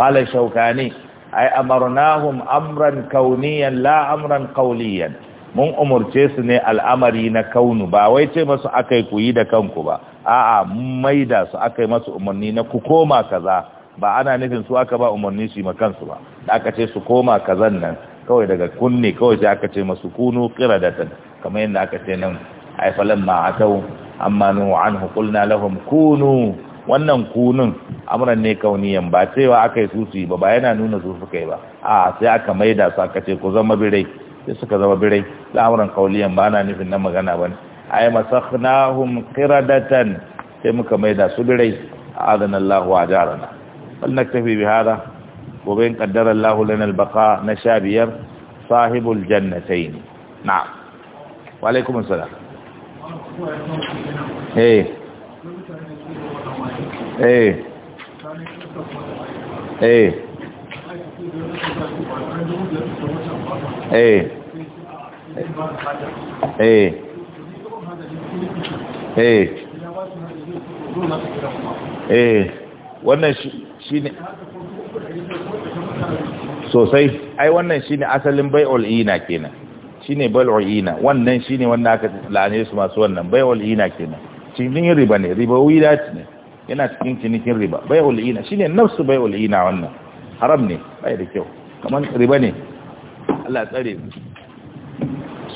[SPEAKER 1] qala shaukani ay amarnahum amran kauniyan la'amran amran mun umurce su ne al'amari na kaunu ba wai ce masu akai ku yi da kanku ba a'a maida su akai masu umarni na ku koma kaza ba ana nufin su aka ba umarni su ma kansu ba da aka ce su koma kazan nan kawai daga kunne kawai sai aka ce masu kunu qiradatan kamar yadda aka ce nan ay maatau atau amma nuhu anhu qulna lahum kunu wannan kunun amran ne kauniyan ba cewa aka yi su ba ba yana nuna su suka yi ba a sai aka maida su aka ce ku zama birai sai suka zama birai lamuran kauliyan ba na nufin na magana ba ne masakhnahum qiradatan sai muka maida su birai adana Allah wa jarana bal naktafi bi hada wa bain qaddara Allah lana al-baqa na shabiyar sahibul jannatayn na'am wa alaikumus salaam eh eh eh eh eh eh eh wannan shi ne sosai ai wannan shi ne asalin bai'ul ina kenan shine bal'ina wannan shine wanda aka lane su masu wannan bai'ul'ina kenan cinikin riba ne ribawi da ne yana cikin cinikin riba bai'ul'ina shine nafsu bai'ul'ina wannan haram ne bai da kyau riba ne Allah tsare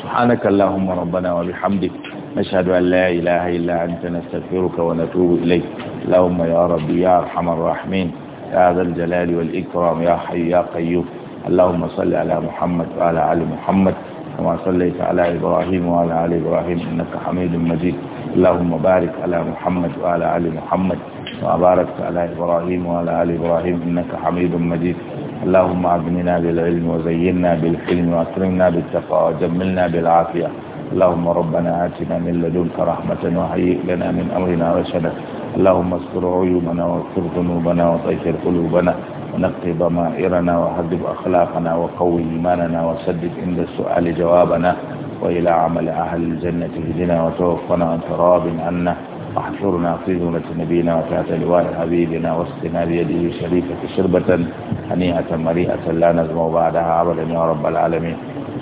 [SPEAKER 1] subhanaka allahumma rabbana wa bihamdik nashhadu an la ilaha illa anta nastaghfiruka wa natubu ilayk allahumma ya rabbi ya arhamar rahimin ya dhal jalali wal ikram ya hayy ya qayyum اللهم صل على محمد وعلى ال محمد كما صليت على إبراهيم وعلى آل إبراهيم إنك حميد مجيد اللهم بارك على محمد وعلى آل محمد وباركت على إبراهيم وعلى آل إبراهيم إنك حميد مجيد اللهم أغننا بالعلم وزيننا بالحلم وأكرمنا بالتقوى وجملنا بالعافية اللهم ربنا آتنا من لدنك رحمة وهيئ لنا من أمرنا رشدا اللهم استر عيوبنا واغفر ذنوبنا وطهر قلوبنا ونقي ضمائرنا وهذب أخلاقنا وقوي إيماننا وسدد عند السؤال جوابنا وإلى عمل أهل الجنة اهدنا وتوفنا عن تراب عنا واحشرنا في ذمة نبينا وتحت لواء حبيبنا واسقنا بيده الشريفة شربة هنيئة مريئة لا نزمو بعدها أبدا يا رب العالمين